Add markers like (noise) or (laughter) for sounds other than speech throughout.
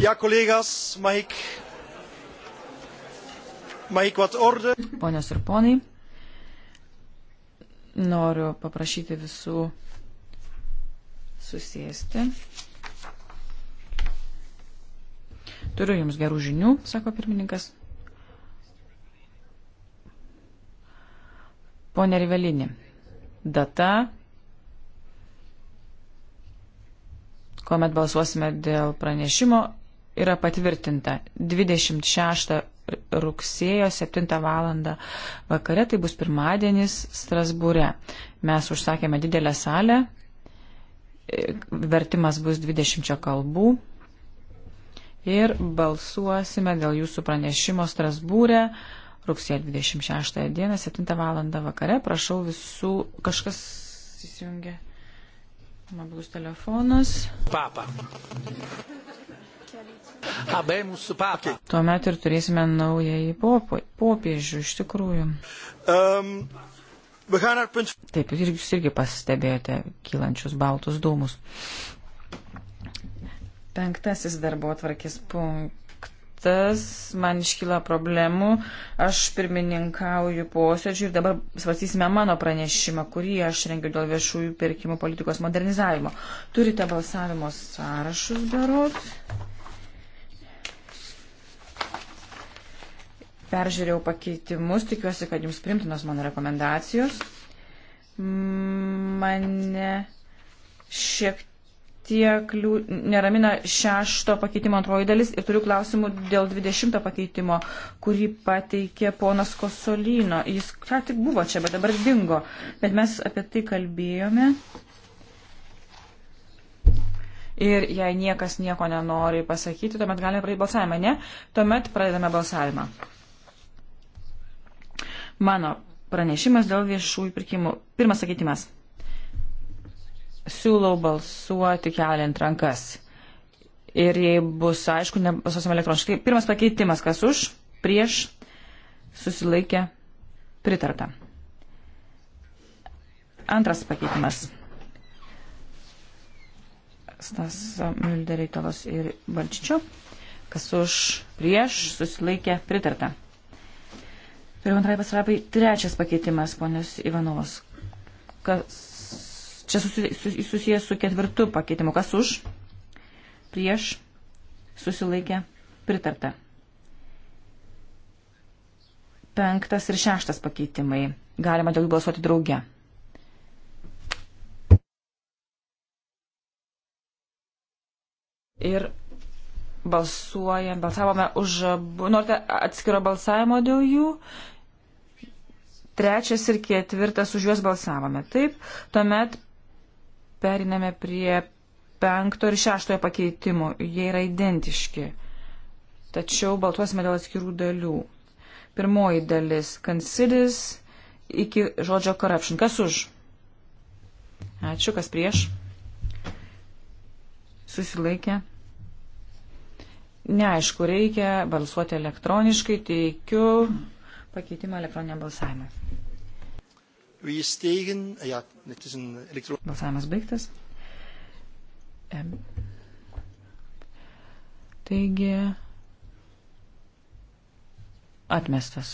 Ja, collega's, mag ik, mag ik wat orde? Ponios ir ponai, noriu paprašyti visų susėsti. Turiu jums gerų žinių, sako pirmininkas. Pone Rivelini, data kuomet balsuosime dėl pranešimo, yra patvirtinta 26 rugsėjo 7 val. vakare, tai bus pirmadienis Strasbūre. Mes užsakėme didelę salę, vertimas bus 20 kalbų ir balsuosime dėl jūsų pranešimo Strasbūre. Rugsėjo 26 dieną, 7 val. vakare, prašau visų, kažkas įsijungia mobilus telefonas. Papa. Tuomet ir turėsime naująjį popiežių, iš tikrųjų. Um, Taip, jūs irgi pastebėjote kylančius baltus dūmus. Penktasis darbo atvarkės punktas. Man iškyla problemų. Aš pirmininkauju posėdžiu ir dabar svarstysime mano pranešimą, kurį aš rengiu dėl viešųjų pirkimų politikos modernizavimo. Turite balsavimo sąrašus darot? peržiūrėjau pakeitimus, tikiuosi, kad jums primtinos mano rekomendacijos. Mane šiek tiek liū... neramina šešto pakeitimo antroji dalis ir turiu klausimų dėl dvidešimto pakeitimo, kurį pateikė ponas Kosolino. Jis ką tik buvo čia, bet dabar dingo. Bet mes apie tai kalbėjome. Ir jei niekas nieko nenori pasakyti, tuomet galime pradėti balsavimą, ne? Tuomet pradedame balsavimą. Mano pranešimas dėl viešųjų pirkimų. Pirmas sakytimas. Siūlau balsuoti keliant rankas. Ir jei bus aišku, nebalsuosim elektroniškai. Pirmas pakeitimas, kas už, prieš, susilaikė, pritarta. Antras pakeitimas. Stas Milderitovas ir Balčičio. Kas už, prieš, susilaikė, pritarta. Ir antrai pasrapai trečias pakeitimas, ponios Ivanovas. Kas, čia susijęs su ketvirtu pakeitimu. Kas už? Prieš? Susilaikė? Pritarta. Penktas ir šeštas pakeitimai. Galima dėl jų balsuoti drauge. Ir balsuojam, balsavome už, norite atskiro balsavimo dėl jų, trečias ir ketvirtas už juos balsavome. Taip, tuomet periname prie penkto ir šeštojo pakeitimų. Jie yra identiški. Tačiau baltuosime dėl atskirų dalių. Pirmoji dalis - considers iki žodžio corruption. Kas už? Ačiū, kas prieš? Susilaikė. Neaišku, reikia balsuoti elektroniškai, teikiu pakeitimą elektroniniam balsavimui. Ah, Balsavimas baigtas. Taigi, atmestas.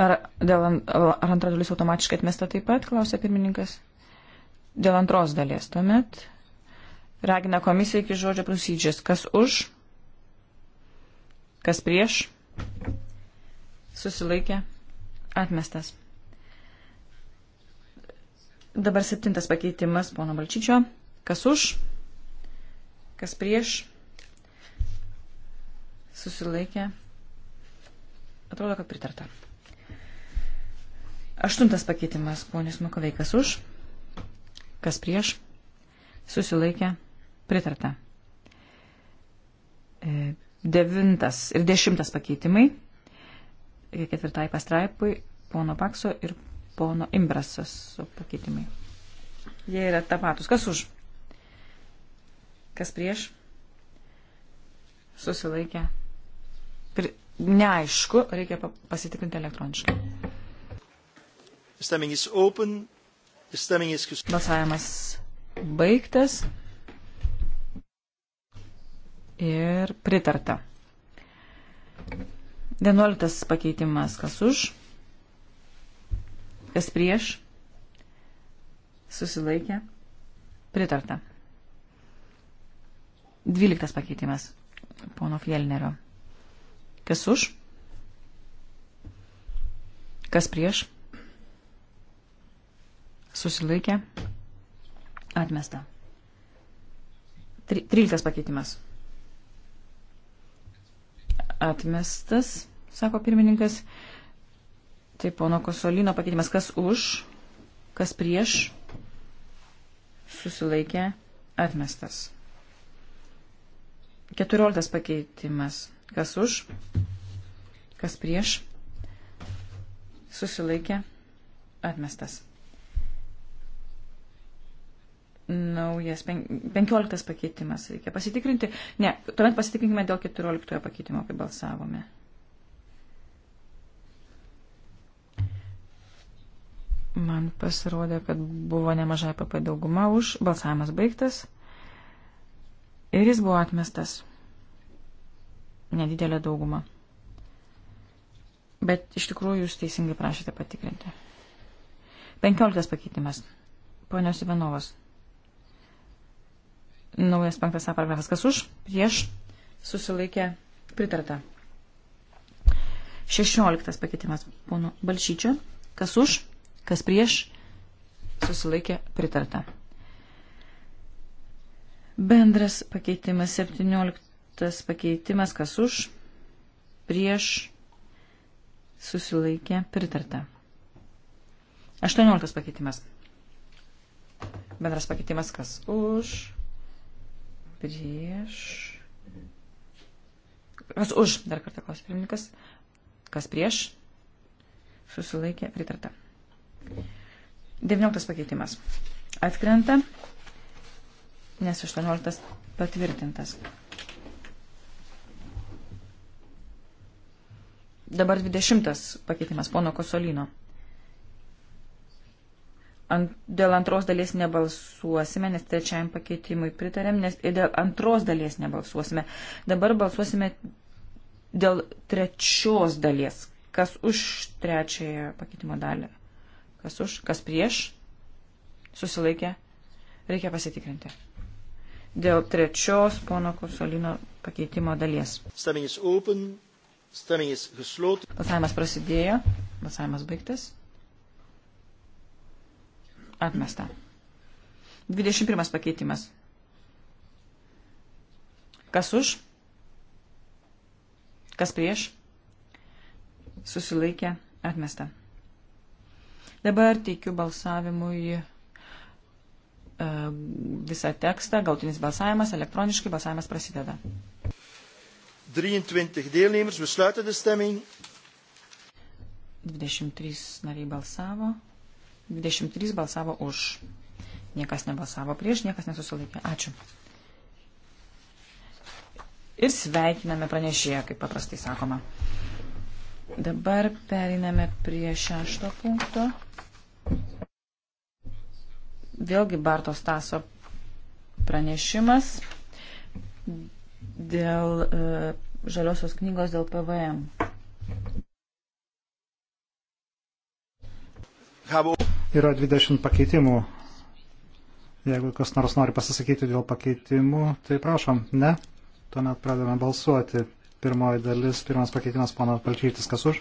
Ar, dėl, ar antra dalis automatiškai atmesta taip pat, klausė pirmininkas. Dėl antros dalies tuomet Ragina komisija iki žodžio procedures. Kas už? Kas prieš? Susilaikė. Atmestas. Dabar septintas pakeitimas pono Balčyčio. Kas už? Kas prieš? Susilaikė. Atrodo, kad pritarta. Aštuntas pakeitimas, ponis Makovei, kas už, kas prieš, susilaikė, Pritarta. E, devintas ir dešimtas pakeitimai. E, ketvirtai pastraipui pono Pakso ir pono Imbrasas pakeitimai. Jie yra tapatus. Kas už? Kas prieš? Susilaikę. Pri... Neaišku, reikia pasitikrinti elektroniškai. Balsavimas baigtas ir pritarta. Vienuoliktas pakeitimas, kas už, kas prieš, susilaikė, pritarta. Dvyliktas pakeitimas, pono Fielnerio. Kas už, kas prieš, susilaikė, atmesta. Tryliktas pakeitimas. Atmestas, sako pirmininkas. Tai pono Kosolino pakeitimas, kas už, kas prieš, susilaikė, atmestas. Keturioliktas pakeitimas, kas už, kas prieš, susilaikė, atmestas naujas pen, penkioliktas pakeitimas. Reikia pasitikrinti. Ne, tuomet pasitikrinkime dėl keturioliktojo pakeitimo, kai balsavome. Man pasirodė, kad buvo nemažai e papai dauguma už, balsavimas baigtas ir jis buvo atmestas. Nedidelė dauguma. Bet iš tikrųjų jūs teisingai prašėte patikrinti. Penkioliktas pakeitimas. Ponios Ivanovas. Naujas penktas A paragrafas. Kas už? Prieš. Susilaikė. Pritarta. Šešioliktas pakeitimas pono Balšyčio. Kas už? Kas prieš? Susilaikė. Pritarta. Bendras pakeitimas. Septynioliktas pakeitimas. Kas už? Prieš. Susilaikė. Pritarta. Aštuonioliktas pakeitimas. Bendras pakeitimas. Kas už? prieš. Kas už, dar kartą klausė pirmininkas. Kas prieš? Susilaikė, pritarta. 19 pakeitimas. Atkrenta, nes 18 patvirtintas. Dabar 20 pakeitimas, pono Kosolino ant, dėl antros dalies nebalsuosime, nes trečiajam pakeitimui pritarėm, nes ir dėl antros dalies nebalsuosime. Dabar balsuosime dėl trečios dalies. Kas už trečiąją pakeitimo dalį? Kas už? Kas prieš? Susilaikė? Reikia pasitikrinti. Dėl trečios pono Kursolino pakeitimo dalies. Balsavimas prasidėjo, balsavimas baigtas. Atmesta. 21 pakeitimas. Kas už? Kas prieš? Susilaikė. Atmesta. Dabar teikiu balsavimui e, visą tekstą, gautinis balsavimas, elektroniškai balsavimas prasideda. 23 deelnemers besluiten de stemming. 23 nariai balsavo. 23 balsavo už. Niekas nebalsavo prieš, niekas nesusilaikė. Ačiū. Ir sveikiname pranešėją, kaip paprastai sakoma. Dabar periname prie šešto punkto. Vėlgi Barto Staso pranešimas dėl e, žaliosios knygos dėl PVM. Yra 20 pakeitimų. Jeigu kas nors nori pasisakyti dėl pakeitimų, tai prašom, ne? Tuomet pradedame balsuoti. Pirmoji dalis, pirmas pakeitimas, pono Palčytis, kas už?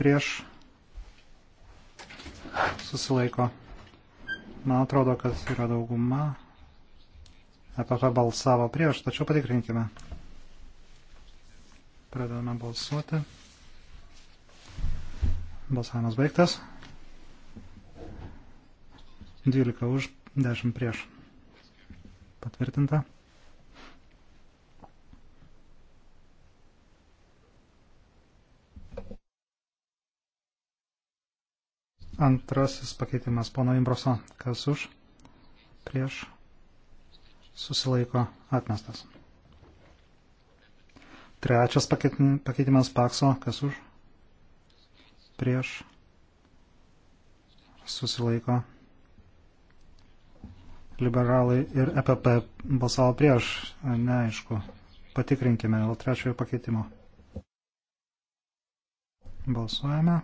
Prieš susilaiko. Man atrodo, kad yra dauguma. EPP balsavo prieš, tačiau patikrinkime. Pradedame balsuoti. Balsavimas baigtas. 12 už, 10 prieš. Patvirtinta. Antrasis pakeitimas pono Imbroso. Kas už? Prieš. Susilaiko atmestas. Trečias pakeitimas pakso. Kas už? Prieš. Susilaiko atmestas susilaiko liberalai ir EPP balsavo prieš, neaišku. Patikrinkime dėl trečiojo pakeitimo. Balsuojame.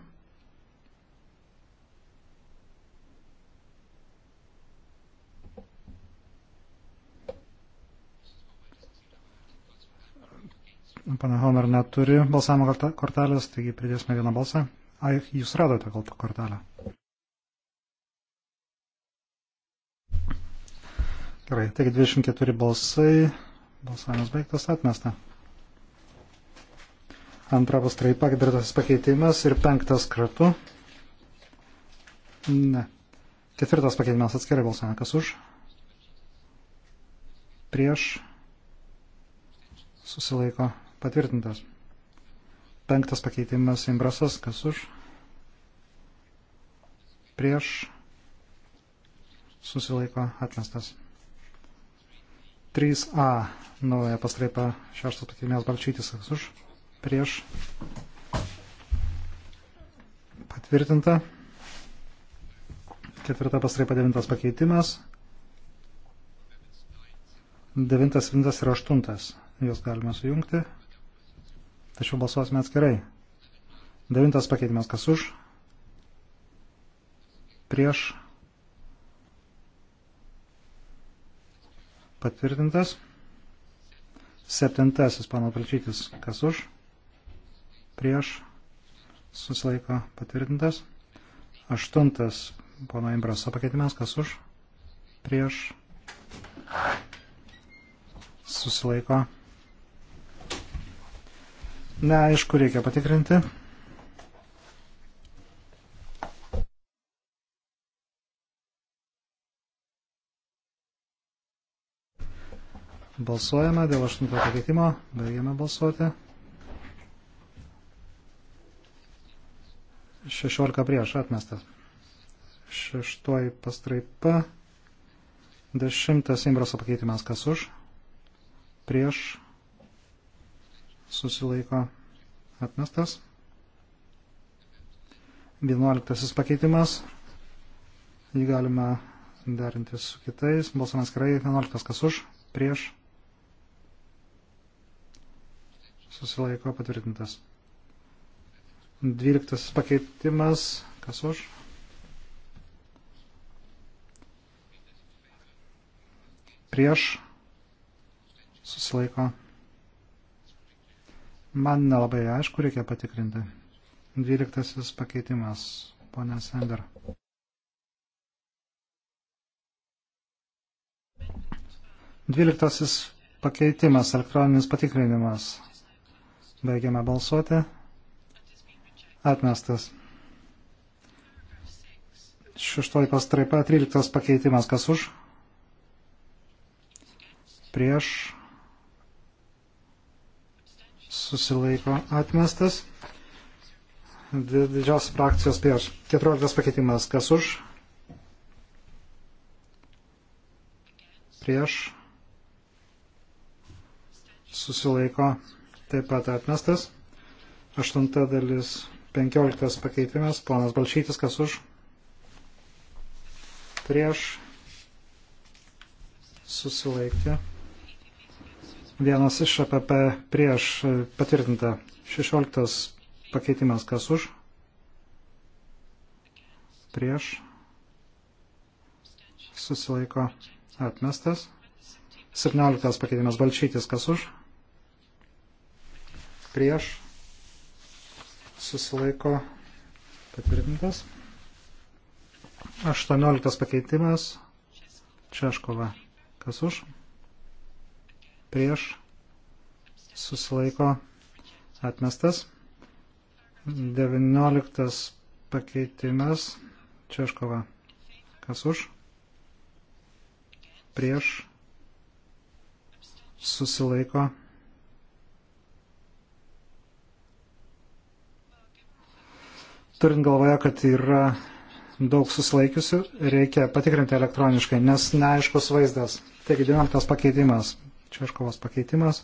Pana Homer neturi balsavimo kortelės, taigi pridėsime vieną balsą. Ai, jūs radote kortelę. Gerai, taigi 24 balsai, balsavimas baigtas, atmesta. Antra pastraipa, ketvirtasis pakeitimas ir penktas kartu. Ne. Ketvirtas pakeitimas atskirai balsavimą, kas už. Prieš. Susilaiko patvirtintas. Penktas pakeitimas imbrasas, kas už. Prieš. Susilaiko atmestas. 3a nauja pastraipa šeštos pakelinės balčytis už prieš patvirtinta. Ketvirta pastraipa devintas pakeitimas. Devintas, vintas ir aštuntas. Juos galime sujungti. Tačiau balsuosime atskirai. Devintas pakeitimas kas už. Prieš Patvirtintas. Septintasis pano pračytis. Kas už? Prieš. Susilaiko. Patvirtintas. Aštuntas pono Imbraso pakeitimas. Kas už? Prieš. Susilaiko. Neaišku, reikia patikrinti. Balsuojame dėl aštunto pakeitimo. Baigiame balsuoti. 16 prieš atmestas. Šeštoji pastraipa. Dešimtas Imbroso pakeitimas kas už. Prieš susilaiko atmestas. Vienuoliktasis pakeitimas. Jį galima derinti su kitais. Balsamas karai 11 kas už. Prieš susilaiko patvirtintas. Dvyliktas pakeitimas, kas už? Prieš susilaiko. Man nelabai aišku, reikia patikrinti. Dvyliktasis pakeitimas, ponė Sender. Dvyliktasis pakeitimas, elektroninis patikrinimas. Baigiame balsuoti. Atmestas. Šeštoji pastraipa, 13 pakeitimas, kas už? Prieš. Susilaiko atmestas. Didžios frakcijos prieš. 14 pakeitimas, kas už? Prieš. Susilaiko atmestas taip pat atmestas. Aštunta dalis, penkioliktas pakeitimas, ponas Balšytis, kas už, prieš, susilaikti. Vienas iš APP prieš e, patvirtinta. 16 pakeitimas kas už? Prieš. Susilaiko atmestas. 17 pakeitimas balčytis kas už? prieš, susilaiko patvirtintas. 18 pakeitimas, Češkova, kas už, prieš, susilaiko atmestas. 19 pakeitimas, Češkova, kas už, prieš, susilaiko atmestas susilaiko turint galvoje, kad yra daug susilaikiusių, reikia patikrinti elektroniškai, nes neaiškus vaizdas. Taigi 19 pakeitimas. Češkovas pakeitimas.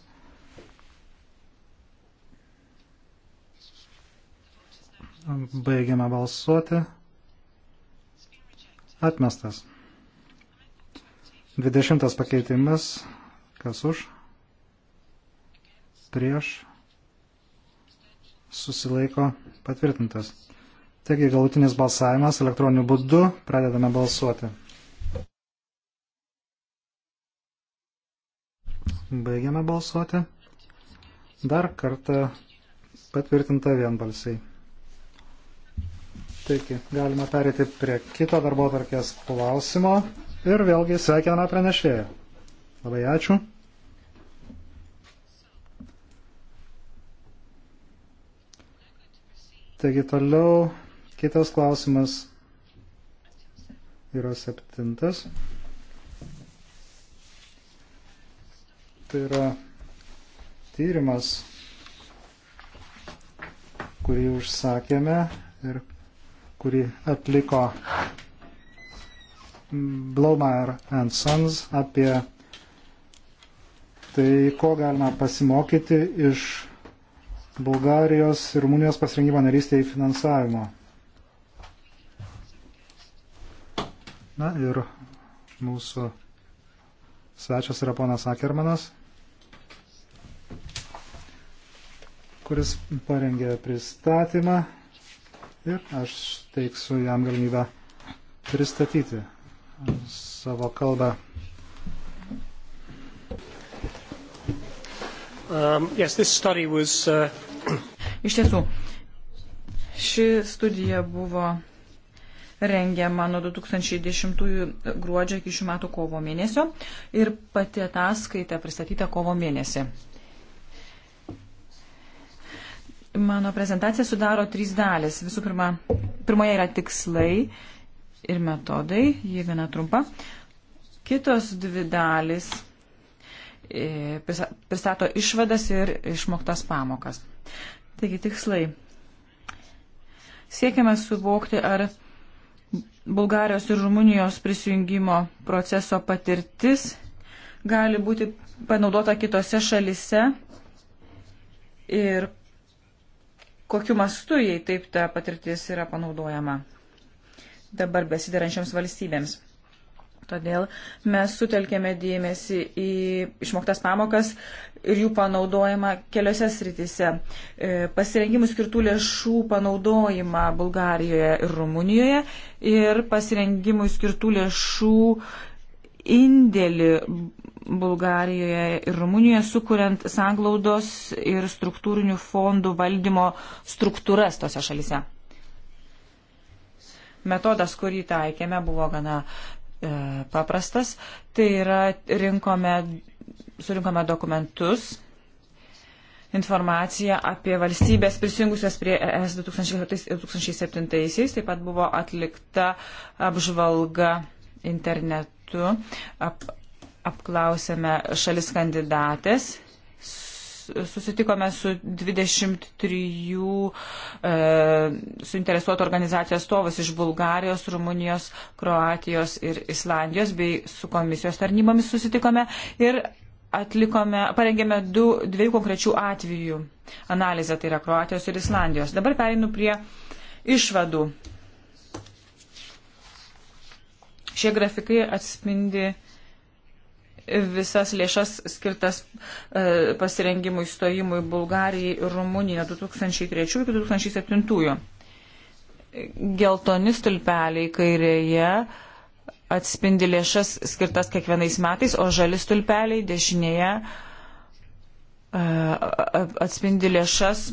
Baigiame balsuoti. Atmestas. 20 pakeitimas. Kas už? Prieš. Susilaiko patvirtintas. Taigi galutinis balsavimas elektroniniu būdu. Pradedame balsuoti. Baigiame balsuoti. Dar kartą patvirtinta vienbalsiai. Taigi, galima perėti prie kito darbo tarkės klausimo ir vėlgi sveikiname pranešėją. Labai ačiū. Taigi toliau Kitas klausimas yra septintas. Tai yra tyrimas, kurį užsakėme ir kurį atliko Blaumeyer and Sons apie tai, ko galima pasimokyti iš Bulgarijos ir Rumunijos pasirinkimo narystėje finansavimo. Na ir mūsų svečias yra ponas Akermanas, kuris parengė pristatymą ir aš teiksiu jam galimybę pristatyti savo kalbą. Um, yes, this study was, uh... Iš tiesų, ši studija buvo rengiama nuo 2010 gruodžio iki šių metų kovo mėnesio ir pati ataskaita pristatyta kovo mėnesį. Mano prezentacija sudaro trys dalis. Visų pirma, pirmoje yra tikslai ir metodai, ji gana trumpa. Kitos dvi dalis e, pristato išvadas ir išmoktas pamokas. Taigi tikslai. Siekiame suvokti, ar Bulgarijos ir Rumunijos prisijungimo proceso patirtis gali būti panaudota kitose šalise ir kokiu mastu, jei taip ta patirtis yra panaudojama dabar besidarančioms valstybėms. Todėl mes sutelkėme dėmesį į išmoktas pamokas ir jų panaudojimą keliose sritise. E, pasirengimų skirtų lėšų panaudojimą Bulgarijoje ir Rumunijoje ir pasirengimų skirtų lėšų indėlį Bulgarijoje ir Rumunijoje, sukuriant sanglaudos ir struktūrinių fondų valdymo struktūras tose šalise. Metodas, kurį taikėme, buvo gana E, paprastas. Tai yra, rinkome, surinkome dokumentus, informaciją apie valstybės prisijungusias prie ES 2007, taip pat buvo atlikta apžvalga internetu, ap, apklausėme šalis kandidatės susitikome su 23 e, suinteresuotų organizacijų atstovas iš Bulgarijos, Rumunijos, Kroatijos ir Islandijos, bei su komisijos tarnybomis susitikome ir atlikome, parengėme du, dviejų konkrečių atvejų analizę, tai yra Kroatijos ir Islandijos. Dabar perinu prie išvadų. Šie grafikai atspindi visas lėšas skirtas e, pasirengimui stojimui Bulgarijai ir Rumunijai 2003 iki 2007. Geltoni stulpeliai kairėje atspindi lėšas skirtas kiekvienais metais, o žali stulpeliai dešinėje e, atspindi lėšas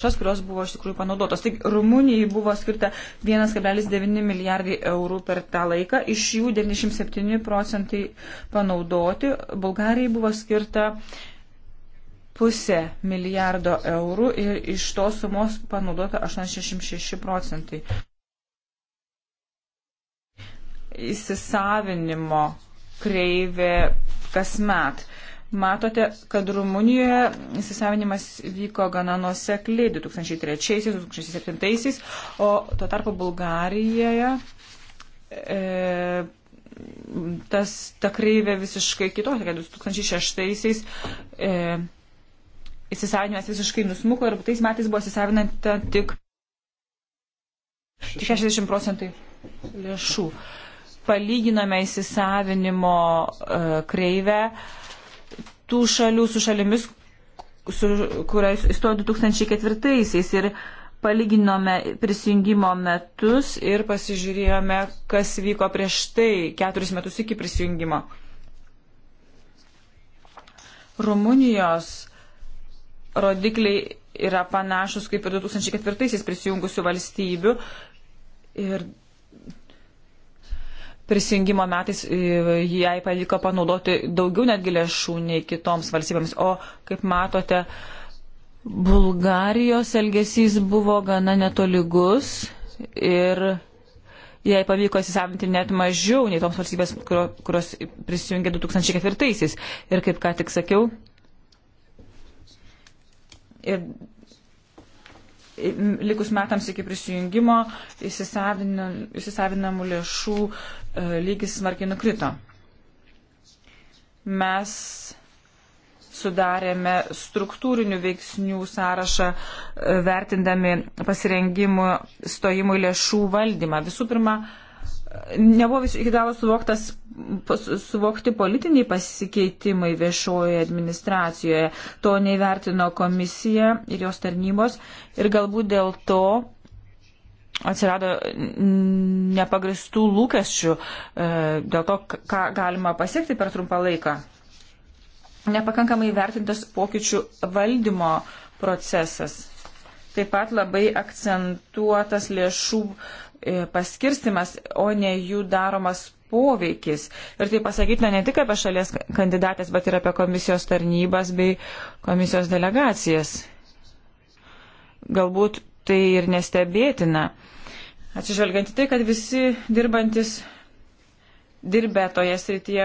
lėšas, kurios buvo iš tikrųjų panaudotos. Taigi Rumunijai buvo skirta 1,9 milijardai eurų per tą laiką, iš jų 97 procentai panaudoti, Bulgarijai buvo skirta pusė milijardo eurų ir iš tos sumos panaudota 86 procentai. Įsisavinimo kreivė kasmet Matote, kad Rumunijoje įsisavinimas vyko gana nuosekliai 2003-2007, o tuo tarpu Bulgarijoje e, tas ta kreivė visiškai kitokia. 2006-aisiais e, įsisavinimas visiškai nusmuko ir tais metais buvo įsisavinanta tik, tik 60 procentai lėšų. Palyginame įsisavinimo e, kreivę. E, tų šalių su šalimis, su, kurios įstojo 2004-aisiais ir palyginome prisijungimo metus ir pasižiūrėjome, kas vyko prieš tai, keturis metus iki prisijungimo. Rumunijos rodikliai yra panašus kaip ir 2004-aisiais prisijungusių valstybių ir prisijungimo metais e, jai pavyko panaudoti daugiau netgi lėšų nei kitoms valstybėms. O kaip matote, Bulgarijos elgesys buvo gana netoligus ir jai pavyko įsisavinti net mažiau nei toms valstybės, kurio, kurios prisijungė 2004-aisiais. Ir kaip ką tik sakiau, ir likus metams iki prisijungimo įsisavinamų lėšų e, lygis smarkiai nukrito. Mes sudarėme struktūrinių veiksnių sąrašą, e, vertindami pasirengimų stojimų lėšų valdymą. Visų pirma, nebuvo iki galo suvoktas suvokti politiniai pasikeitimai viešojoje administracijoje. To neįvertino komisija ir jos tarnybos ir galbūt dėl to atsirado nepagristų lūkesčių e, dėl to, ką galima pasiekti per trumpą laiką. Nepakankamai vertintas pokyčių valdymo procesas. Taip pat labai akcentuotas lėšų e, paskirstimas, o ne jų daromas poveikis. Ir tai pasakytina ne tik apie šalies kandidatės, bet ir apie komisijos tarnybas bei komisijos delegacijas. Galbūt tai ir nestebėtina. Atsižvelgiant į tai, kad visi dirbantis dirbę toje srityje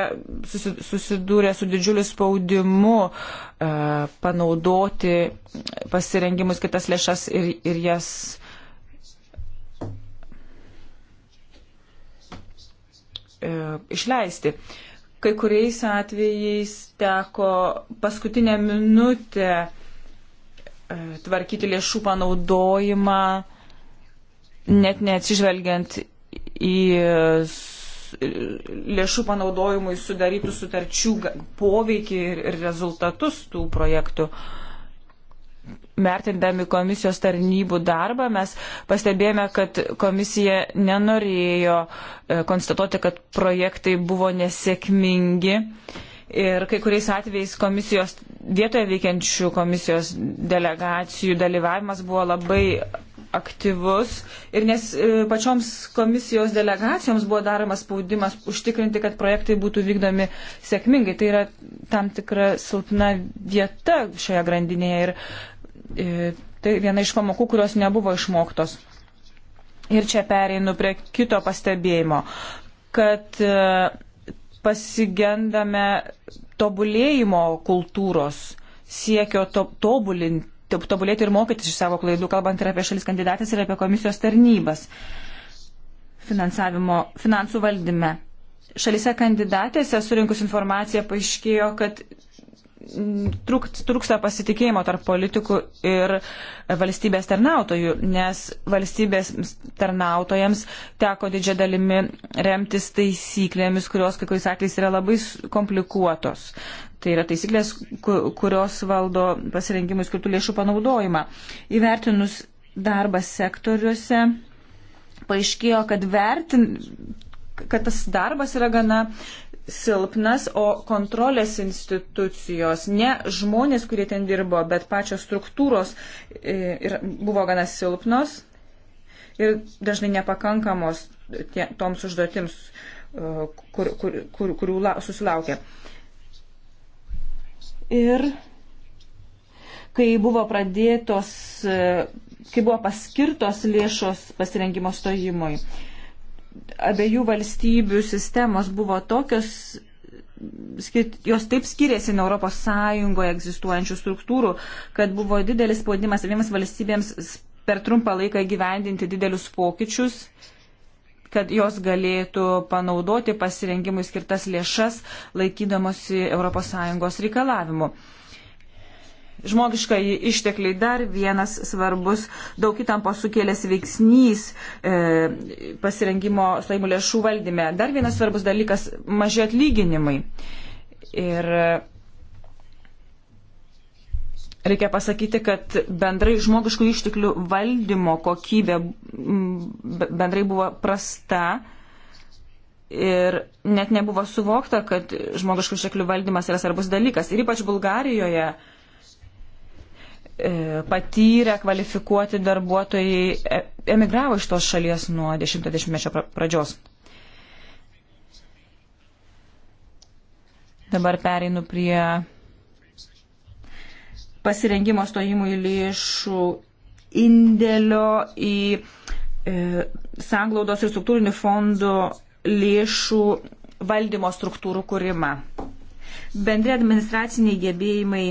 susidūrė su didžiuliu spaudimu e, panaudoti pasirengimus kitas lėšas ir, ir jas E, išleisti. Kai kuriais atvejais teko paskutinę minutę e, tvarkyti lėšų panaudojimą, net neatsižvelgiant į e, lėšų panaudojimui sudarytų sutarčių poveikį ir rezultatus tų projektų. Uh, vertindami komisijos tarnybų darbą, mes pastebėjome, kad komisija nenorėjo e, konstatuoti, kad projektai buvo nesėkmingi. Ir kai kuriais atvejais komisijos, vietoje veikiančių komisijos delegacijų dalyvavimas buvo labai aktyvus ir nes e, pačioms komisijos delegacijoms buvo daromas spaudimas užtikrinti, kad projektai būtų vykdomi sėkmingai. Tai yra tam tikra silpna vieta šioje grandinėje ir E, tai viena iš pamokų, kurios nebuvo išmoktos. Ir čia pereinu prie kito pastebėjimo, kad e, pasigendame tobulėjimo kultūros, siekio to, tobulinti, tobulėti ir mokytis iš savo klaidų, kalbant ir apie šalis kandidatės, ir apie komisijos tarnybas finansavimo, finansų valdyme. Šalise kandidatėse surinkus informaciją paaiškėjo, kad trūksta pasitikėjimo tarp politikų ir valstybės tarnautojų, nes valstybės tarnautojams teko didžia dalimi remtis taisyklėmis, kurios kai kuriais atvejais yra labai komplikuotos. Tai yra taisyklės, kurios valdo pasirinkimui skirtų lėšų panaudojimą. Įvertinus darbą sektoriuose, paaiškėjo, kad vertin, kad tas darbas yra gana silpnas, o kontrolės institucijos, ne žmonės, kurie ten dirbo, bet pačios struktūros e, ir buvo gana silpnos ir dažnai nepakankamos tie, toms užduotims, e, kur, kur, kur, kurių la, susilaukė. Ir kai buvo pradėtos, e, kai buvo paskirtos lėšos pasirengimo stojimui abiejų valstybių sistemos buvo tokios, jos taip skiriasi nuo Europos Sąjungoje egzistuojančių struktūrų, kad buvo didelis spaudimas abiems valstybėms per trumpą laiką gyvendinti didelius pokyčius kad jos galėtų panaudoti pasirengimui skirtas lėšas, laikydamosi ES reikalavimų žmogiškai ištekliai dar vienas svarbus daug įtampos sukėlęs veiksnys e, pasirengimo stojimų lėšų valdyme. Dar vienas svarbus dalykas - maži atlyginimai. Ir e, reikia pasakyti, kad bendrai žmogiškų išteklių valdymo kokybė bendrai buvo prasta. Ir net nebuvo suvokta, kad žmogiškų išteklių valdymas yra svarbus dalykas. Ir ypač Bulgarijoje uh, E, patyrę, kvalifikuoti darbuotojai e, emigravo iš tos šalies nuo 10-mečio pradžios. Dabar pereinu prie pasirengimo stojimų į lėšų indėlio į e, sanglaudos ir struktūrinių fondų lėšų valdymo struktūrų kūrimą. Bendri administraciniai gebėjimai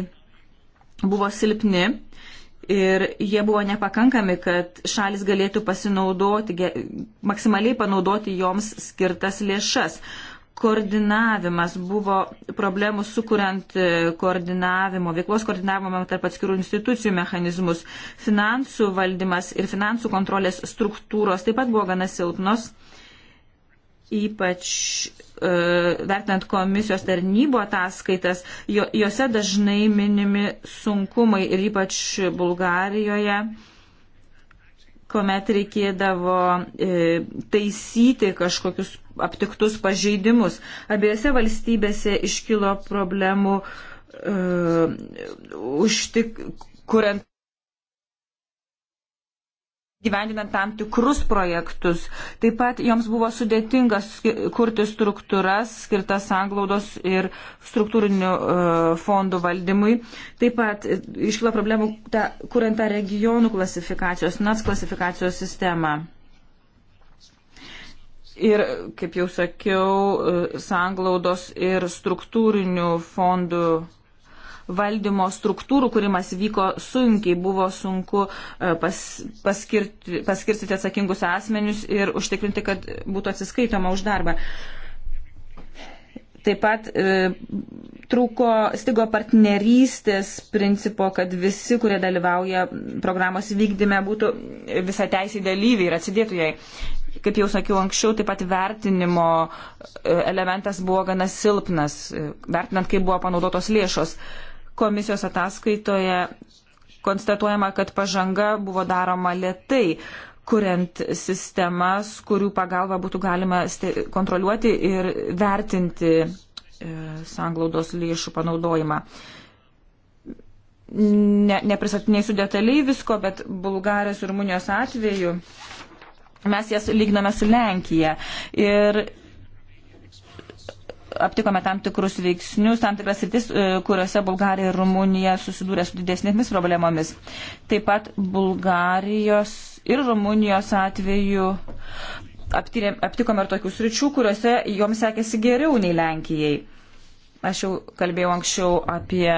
buvo silpni ir jie buvo nepakankami, kad šalis galėtų pasinaudoti, maksimaliai panaudoti joms skirtas lėšas. Koordinavimas buvo problemų sukuriant e, koordinavimo, veiklos koordinavimo tarp atskirų institucijų mechanizmus. Finansų valdymas ir finansų kontrolės struktūros taip pat buvo gana silpnos, ypač E, vertinant komisijos tarnybo ataskaitas, juose dažnai minimi sunkumai ir ypač Bulgarijoje kuomet reikėdavo e, taisyti kažkokius aptiktus pažeidimus. Abiejose valstybėse iškilo problemų e, užtik, kuriant gyvendinant tam tikrus projektus. Taip pat joms buvo sudėtinga kurti struktūras skirtas anglaudos ir struktūrinių e, fondų valdymui. Taip pat e, iškilo problemų ta, kuriant tą regionų klasifikacijos, NATS klasifikacijos sistemą. Ir, kaip jau sakiau, e, sanglaudos ir struktūrinių fondų valdymo struktūrų kūrimas vyko sunkiai, buvo sunku e, pas, paskirti, paskirstyti atsakingus asmenius ir užtikrinti, kad būtų atsiskaitoma už darbą. Taip pat e, trūko stigo partnerystės principo, kad visi, kurie dalyvauja programos vykdyme, būtų visą teisį dalyviai ir atsidėtų jai kaip jau sakiau anksčiau, taip pat vertinimo e, elementas buvo gana silpnas, e, vertinant, kaip buvo panaudotos lėšos. Komisijos ataskaitoje konstatuojama, kad pažanga buvo daroma lietai, kuriant sistemas, kurių pagalba būtų galima kontroliuoti ir vertinti e, sanglaudos lėšų panaudojimą. Ne, nepristatinėsiu detaliai visko, bet Bulgarijos ir Rumunijos atveju mes jas lygname su Lenkija. Ir aptikome tam tikrus veiksnius, tam tikras sritis, e, kuriuose Bulgarija ir Rumunija susidūrė su didesnėmis problemomis. Taip pat Bulgarijos ir Rumunijos atveju aptirė, aptikome ir tokių sričių, kuriuose joms sekėsi geriau nei Lenkijai. Aš jau kalbėjau anksčiau apie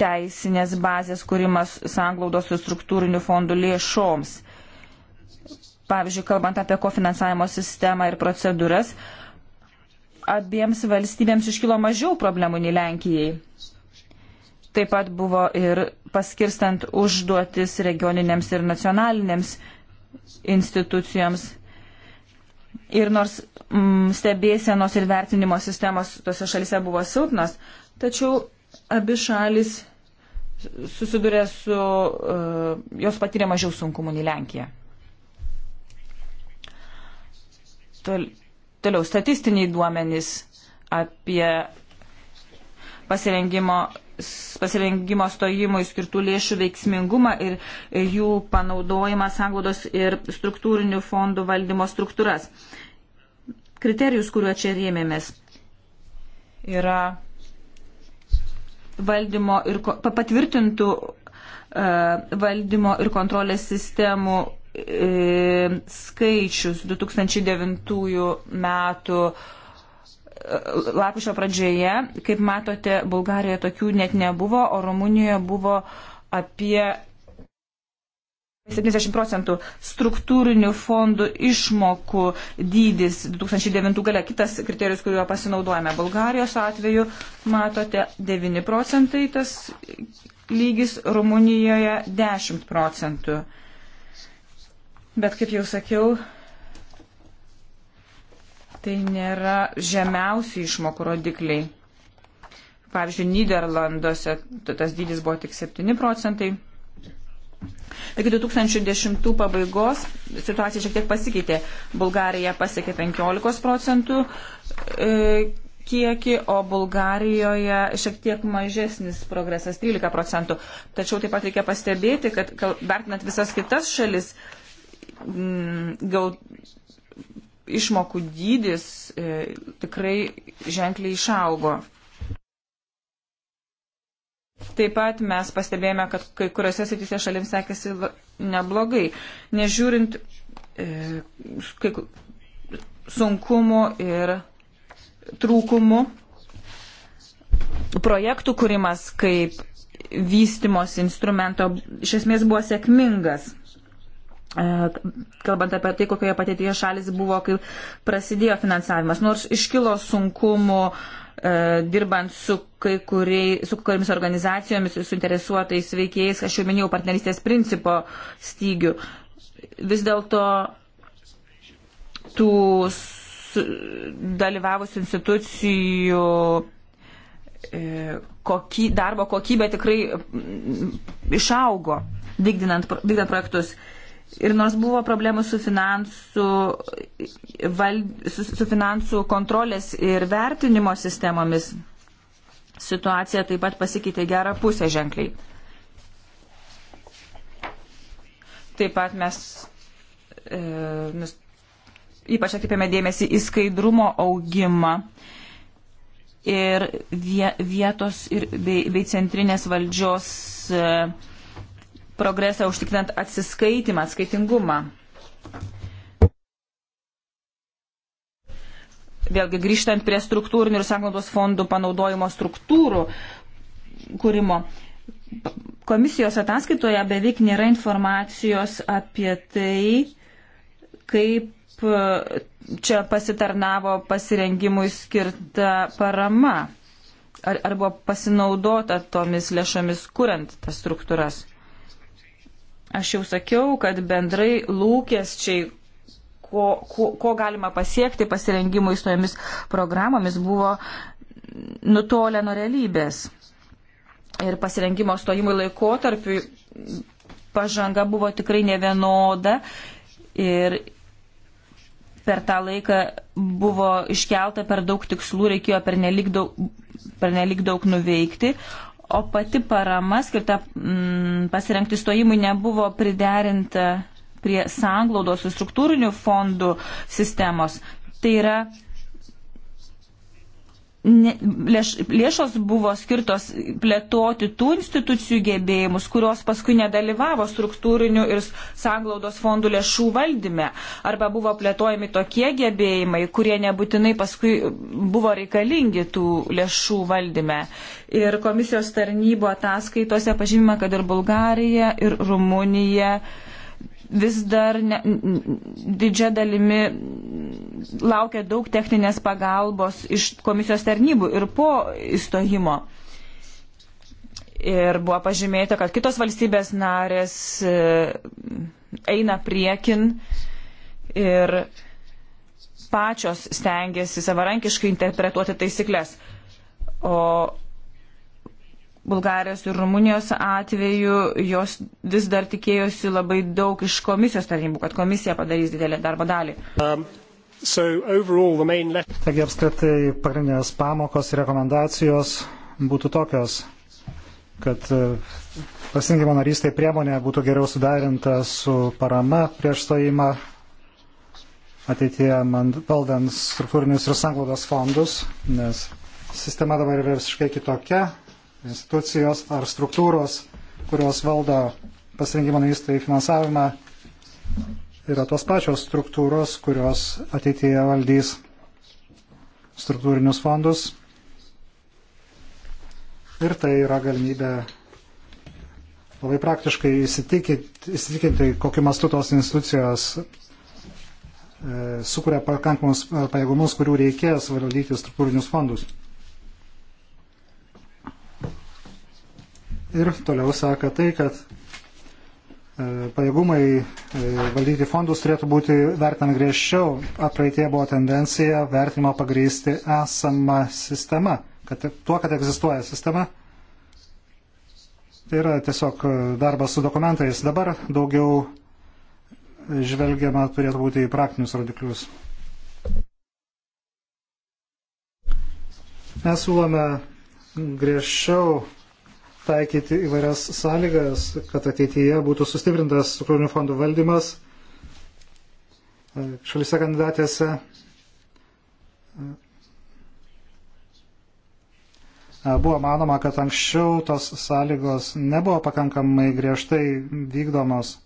teisinės bazės kūrimas sanglaudos ir struktūrinių fondų lėšoms Pavyzdžiui, kalbant apie kofinansavimo sistemą ir procedūras, abiems valstybėms iškilo mažiau problemų nei Lenkijai. Taip pat buvo ir paskirstant užduotis regioninėms ir nacionalinėms institucijoms. Ir nors mm, stebėsienos ir vertinimo sistemos tose šalise buvo silpnos, tačiau abi šalis susiduria su, uh, jos patyrė mažiau sunkumų nei Lenkija. Tol, toliau statistiniai duomenys apie pasirengimo pasirengimo stojimui skirtų lėšų veiksmingumą ir jų panaudojimą sanglaudos ir struktūrinių fondų valdymo struktūras. Kriterijus, kuriuo čia rėmėmės, yra valdymo ir patvirtintų e, valdymo ir kontrolės sistemų E, skaičius 2009 metų e, lapkričio pradžioje, kaip matote, Bulgarijoje tokių net nebuvo, o Rumunijoje buvo apie 70 procentų struktūrinių fondų išmokų dydis 2009 gale. Kitas kriterijus, kuriuo pasinaudojame Bulgarijos atveju, matote 9 procentai tas lygis, Rumunijoje 10 procentų. Bet kaip jau sakiau, tai nėra žemiausių išmokų rodikliai. Pavyzdžiui, Niderlanduose tas dydis buvo tik 7 procentai. Iki 2010 pabaigos situacija šiek tiek pasikeitė. Bulgarija pasiekė 15 procentų e, kiekį, o Bulgarijoje šiek tiek mažesnis progresas 13 procentų. Tačiau taip pat reikia pastebėti, kad vertinant visas kitas šalis, Mm, gal išmokų dydis e, tikrai ženkliai išaugo. Taip pat mes pastebėjome, kad kai kuriuose srityse šalims sekėsi neblogai, nežiūrint e, kai, sunkumų ir trūkumų. Projektų kūrimas kaip vystimos instrumento iš esmės buvo sėkmingas E, kalbant apie tai, kokioje patėtyje šalis buvo, kai prasidėjo finansavimas. Nors iškilo sunkumų e, dirbant su kai kuriai, su kuriamis organizacijomis, suinteresuotais veikėjais, aš jau minėjau partnerystės principo stygių. Vis dėlto tų dalyvavusių institucijų e, koky, darbo kokybė tikrai išaugo, vykdant, vykdant projektus. Ir nors buvo problemų su finansų, val, su, su finansų kontrolės ir vertinimo sistemomis, situacija taip pat pasikeitė gerą pusę ženkliai. Taip pat mes e, nus, ypač atkreipėme dėmesį į skaidrumo augimą ir vie, vietos ir, bei, bei centrinės valdžios. E, progresą užtikrinant atsiskaitimą, skaitingumą. Vėlgi grįžtant prie struktūrinių ir sanglaudos fondų panaudojimo struktūrų kūrimo. Komisijos ataskaitoje beveik nėra informacijos apie tai, kaip e, čia pasitarnavo pasirengimui skirta parama ar, ar buvo pasinaudota tomis lėšomis kuriant tas struktūras? Aš jau sakiau, kad bendrai lūkesčiai, ko, ko, ko galima pasiekti pasirengimui su tomis programomis, buvo nutolę nuo realybės. Ir pasirengimo stojimui laikotarpiu pažanga buvo tikrai nevienoda ir per tą laiką buvo iškelta per daug tikslų, reikėjo per nelik daug, per nelik daug nuveikti, o pati parama skirta mm, pasirengti stojimui nebuvo priderinta prie sanglaudos ir struktūrinių fondų sistemos. Tai yra ne, lėš, lėšos buvo skirtos plėtoti tų institucijų gebėjimus, kurios paskui nedalyvavo struktūrinių ir sanglaudos fondų lėšų valdyme. Arba buvo plėtojami tokie gebėjimai, kurie nebūtinai paskui buvo reikalingi tų lėšų valdyme. Ir komisijos tarnybo ataskaitose pažymima, kad ir Bulgarija, ir Rumunija vis dar ne, didžia dalimi laukia daug techninės pagalbos iš komisijos tarnybų ir po įstojimo. Ir buvo pažymėta, kad kitos valstybės narės e, eina priekin ir pačios stengiasi savarankiškai interpretuoti taisyklės. O Bulgarijos ir Rumunijos atveju jos vis dar tikėjosi labai daug iš komisijos tarnybų, kad komisija padarys didelį darbo dalį. Um, so overall, main... Taigi apskritai pagrindinės pamokos ir rekomendacijos būtų tokios, kad uh, pasirinkimo narystai priemonė būtų geriau sudarinta su parama prieš stojimą ateityje valdant struktūrinius ir sanglaudos fondus, nes sistema dabar yra visiškai kitokia, institucijos ar struktūros, kurios valdo pasirinkimo naistai finansavimą, yra tos pačios struktūros, kurios ateityje valdys struktūrinius fondus. Ir tai yra galimybė labai praktiškai įsitikinti, įsitikinti kokiu mastu tos institucijos e, sukuria pakankamus e, pajėgumus, kurių reikės valdyti struktūrinius fondus. Ir toliau sako tai, kad e, pajėgumai e, valdyti fondus turėtų būti vertinami griežčiau. Apraeitie buvo tendencija vertinimo pagrysti esamą sistemą, kad tuo, kad egzistuoja sistema. Tai yra tiesiog e, darbas su dokumentais. Dabar daugiau žvelgiama turėtų būti į praktinius rodiklius. Mes siūlome griežčiau taikyti įvairias sąlygas, kad ateityje būtų sustiprintas struktūrinių fondų valdymas e, šalise kandidatėse. E, buvo manoma, kad anksčiau tos sąlygos nebuvo pakankamai griežtai vykdomos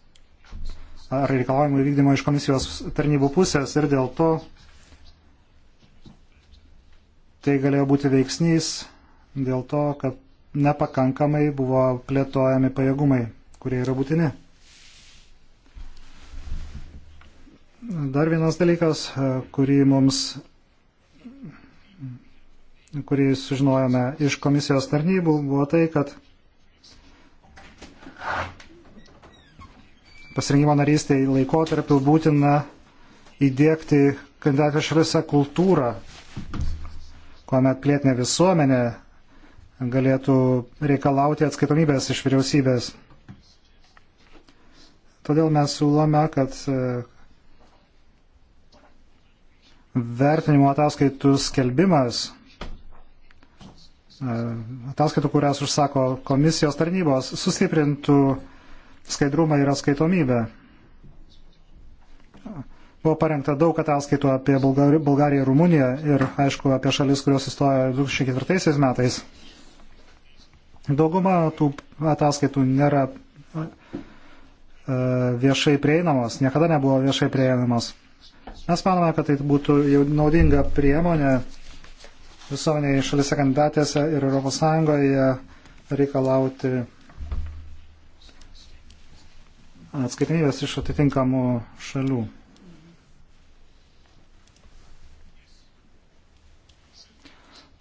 ar reikalavimų vykdymo iš komisijos tarnybų pusės ir dėl to tai galėjo būti veiksnys dėl to, kad nepakankamai buvo plėtojami pajėgumai, kurie yra būtini. Dar vienas dalykas, e, kurį mums kurį sužinojome iš komisijos tarnybų, buvo tai, kad pasirinkimo narystėje laikotarpiu būtina įdėkti kandidatės šalise kultūrą, kuomet plėtinė visuomenė galėtų reikalauti atskaitomybės iš vyriausybės. Todėl mes siūlome, kad e, vertinimo ataskaitų skelbimas, e, ataskaitų, kurias užsako komisijos tarnybos, sustiprintų skaidrumą ir atskaitomybę. Buvo parengta daug ataskaitų apie Bulgariją ir Rumuniją ir, aišku, apie šalis, kurios įstojo 2004 metais. Dauguma tų ataskaitų nėra e, viešai prieinamos, niekada nebuvo viešai prieinamos. Mes manome, kad tai būtų jau naudinga priemonė visuomeniai šalise kandidatėse ir ES reikalauti atskaitinybės iš atitinkamų šalių.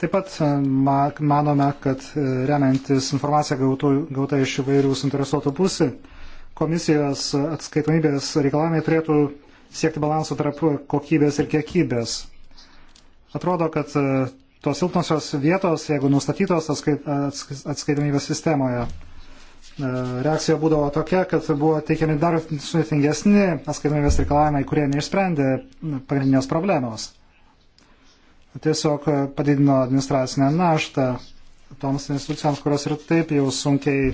Taip pat e, manome, kad e, remiantis informaciją gautą iš įvairių suinteresuotų pusių, komisijos atskaitomybės reikalavimai turėtų siekti balansų tarp kokybės ir kiekybės. Atrodo, kad e, tos silpnosios vietos, jeigu nustatytos atskait, atskaitomybės sistemoje, reakcija būdavo tokia, kad buvo teikiami dar sudėtingesni atskaitomybės reikalavimai, kurie neišsprendė pagrindinės problemos tiesiog e, padidino administracinę naštą toms institucijoms, kurios ir taip jau sunkiai e,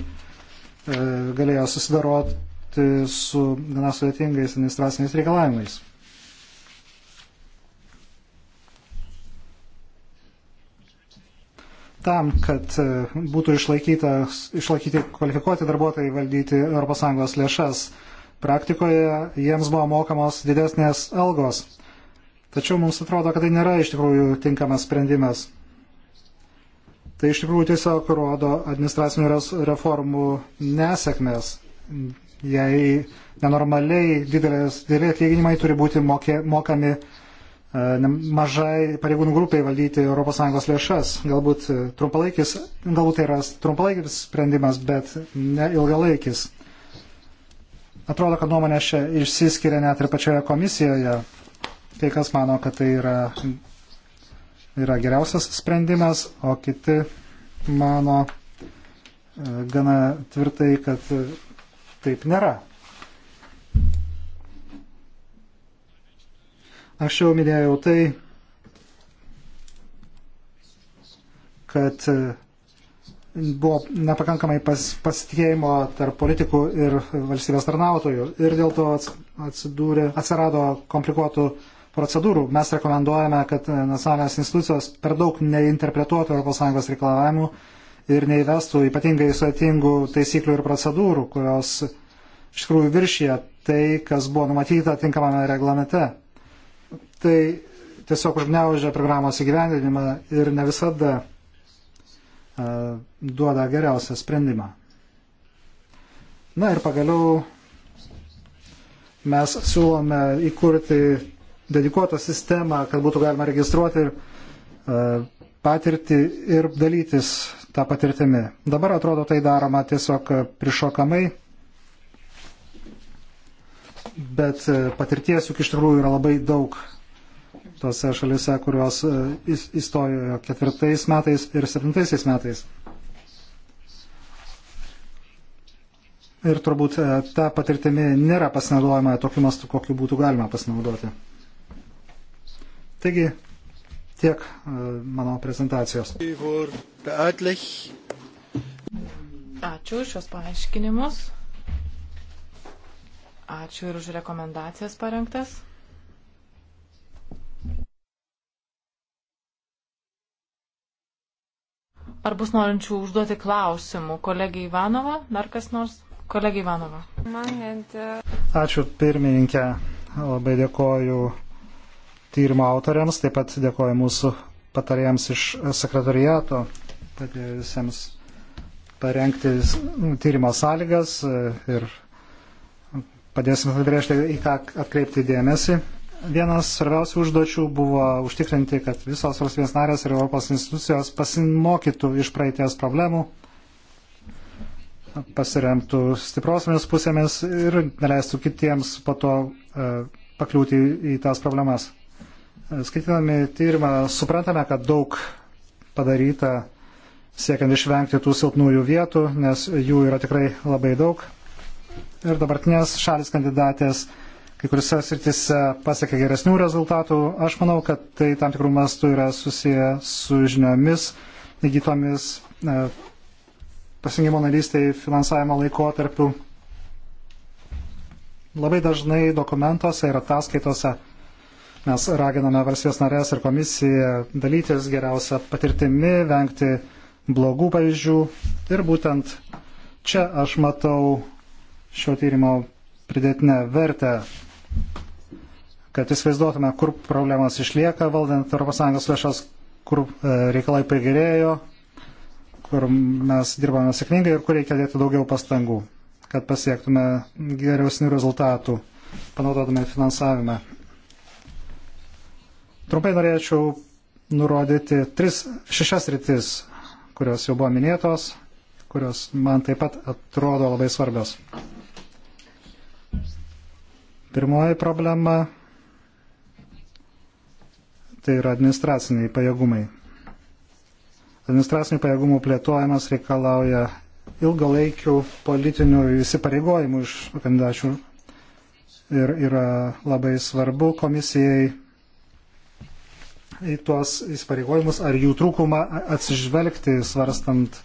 galėjo susidaroti su gana sudėtingais administraciniais reikalavimais. Tam, kad e, būtų išlaikyti kvalifikuoti darbuotojai valdyti ES lėšas, praktikoje jiems buvo mokamos didesnės algos Tačiau mums atrodo, kad tai nėra iš tikrųjų tinkamas sprendimas. Tai iš tikrųjų tiesiog rodo administracinių reformų nesėkmės. Jei nenormaliai didelės, dideli atlyginimai turi būti mokė, mokami e, mažai pareigūnų grupiai valdyti ES lėšas. Galbūt, trumpalaikis, galbūt tai yra trumpalaikis sprendimas, bet ne ilgalaikis. Atrodo, kad nuomonė čia išsiskiria net ir pačioje komisijoje. Kai kas mano, kad tai yra, yra geriausias sprendimas, o kiti mano e, gana tvirtai, kad taip nėra. Aš jau minėjau tai, kad e, buvo nepakankamai pas, pasitikėjimo tarp politikų ir valstybės tarnautojų ir dėl to atsidūrė, atsirado komplikuotų uh, procedūrų. Mes rekomenduojame, kad e, nacionalinės institucijos per daug neinterpretuotų ES reikalavimų ir neįvestų ypatingai sudėtingų taisyklių ir procedūrų, kurios iš tikrųjų viršyje tai, kas buvo numatyta tinkamame reglamente. Tai tiesiog užgneužia programos įgyvendinimą ir ne visada uh, duoda geriausią sprendimą. Na ir pagaliau mes siūlome įkurti dedikuotą sistemą, kad būtų galima registruoti e, patirtį ir dalytis tą patirtimį. Dabar atrodo tai daroma tiesiog prišokamai, bet e, patirties juk iš tikrųjų yra labai daug tose šalise, kurios e, įstojo ketvirtais metais ir septintaisiais metais. Ir turbūt ta patirtimi nėra pasinaudojama tokiu mastu, kokiu būtų galima pasinaudoti. Taigi tiek e, mano prezentacijos. Ačiū už šios paaiškinimus. Ačiū ir už rekomendacijas parengtas. Ar bus norinčių užduoti klausimų? Kolegija Ivanova, dar kas nors? Kolegija Ivanova. E, Ačiū pirmininkė, labai dėkoju tyrimo autoriams, taip pat dėkoju mūsų patarėjams iš sekretariato, padėjusiems parengti tyrimo sąlygas e, ir padėsim apibrėžti, į ką atkreipti dėmesį. Vienas svarbiausių užduočių buvo užtikrinti, kad visos valstybės narės ir Europos institucijos pasimokytų iš praeities problemų, pasiremtų stiprosiamis pusėmis ir neleistų kitiems po to e, pakliūti į tas problemas. Skaitydami tyrimą suprantame, kad daug padaryta siekiant išvengti tų silpnųjų vietų, nes jų yra tikrai labai daug. Ir dabartinės šalis kandidatės kai kuriuose sritise pasiekė geresnių rezultatų. Aš manau, kad tai tam tikrų mastų yra susiję su žiniomis įgytomis e, pasirinkimo narystėje finansavimo laikotarpiu. Labai dažnai dokumentuose ir ataskaitose Mes raginame valstybės narės ir komisiją dalytis geriausią patirtimi, vengti blogų pavyzdžių. Ir būtent čia aš matau šio tyrimo pridėtinę vertę, kad įsivaizduotume, kur problemas išlieka valdant ES lėšas, kur e, reikalai pagerėjo, kur mes dirbame sėkmingai ir kur reikia dėti daugiau pastangų, kad pasiektume geresnių rezultatų, panaudodami finansavimą. Trumpai norėčiau nurodyti tris, šešias rytis, kurios jau buvo minėtos, kurios man taip pat atrodo labai svarbios. Pirmoji problema tai yra administraciniai pajėgumai. Administracinių pajėgumų plėtojimas reikalauja ilgalaikių politinių įsipareigojimų iš kandidačių ir yra labai svarbu komisijai į tuos įsipareigojimus ar jų trūkumą atsižvelgti, svarstant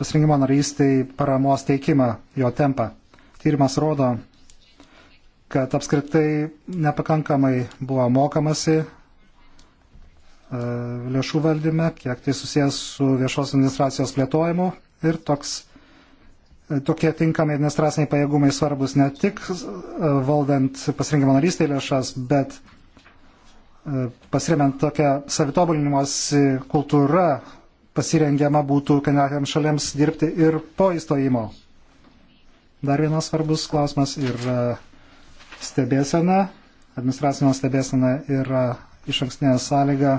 pasirinkimo narystai paramos teikimą, jo tempą. Tyrimas rodo, kad apskritai nepakankamai buvo mokamasi e, lėšų valdyme, kiek tai susijęs su viešos administracijos plėtojimu ir toks, e, tokie tinkami administraciniai pajėgumai svarbus ne tik e, valdant pasirinkimo narystę lėšas, bet pasiremiant tokią savitobulinimos kultūrą, pasirengiama būtų kandidatėms šalims dirbti ir po įstojimo. Dar vienas svarbus klausimas yra stebėsena. Administracinio stebėsena yra iš ankstinė sąlyga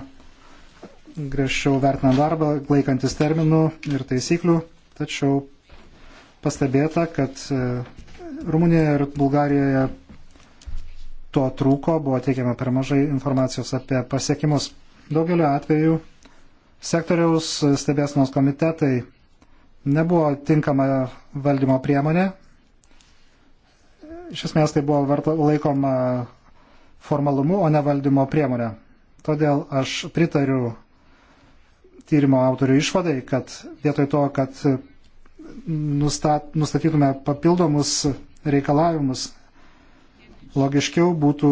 griežčiau vertinant darbą, laikantis terminų ir taisyklių, tačiau pastebėta, kad e, Rumunijoje ir Bulgarijoje to trūko, buvo teikiama per mažai informacijos apie pasiekimus. Daugeliu atveju sektoriaus stebėsnos komitetai nebuvo tinkama valdymo priemonė. Iš esmės tai buvo varto, laikoma formalumu, o ne valdymo priemonė. Todėl aš pritariu tyrimo autorių išvadai, kad vietoj to, kad nustat, nustatytume papildomus reikalavimus Logiškiau būtų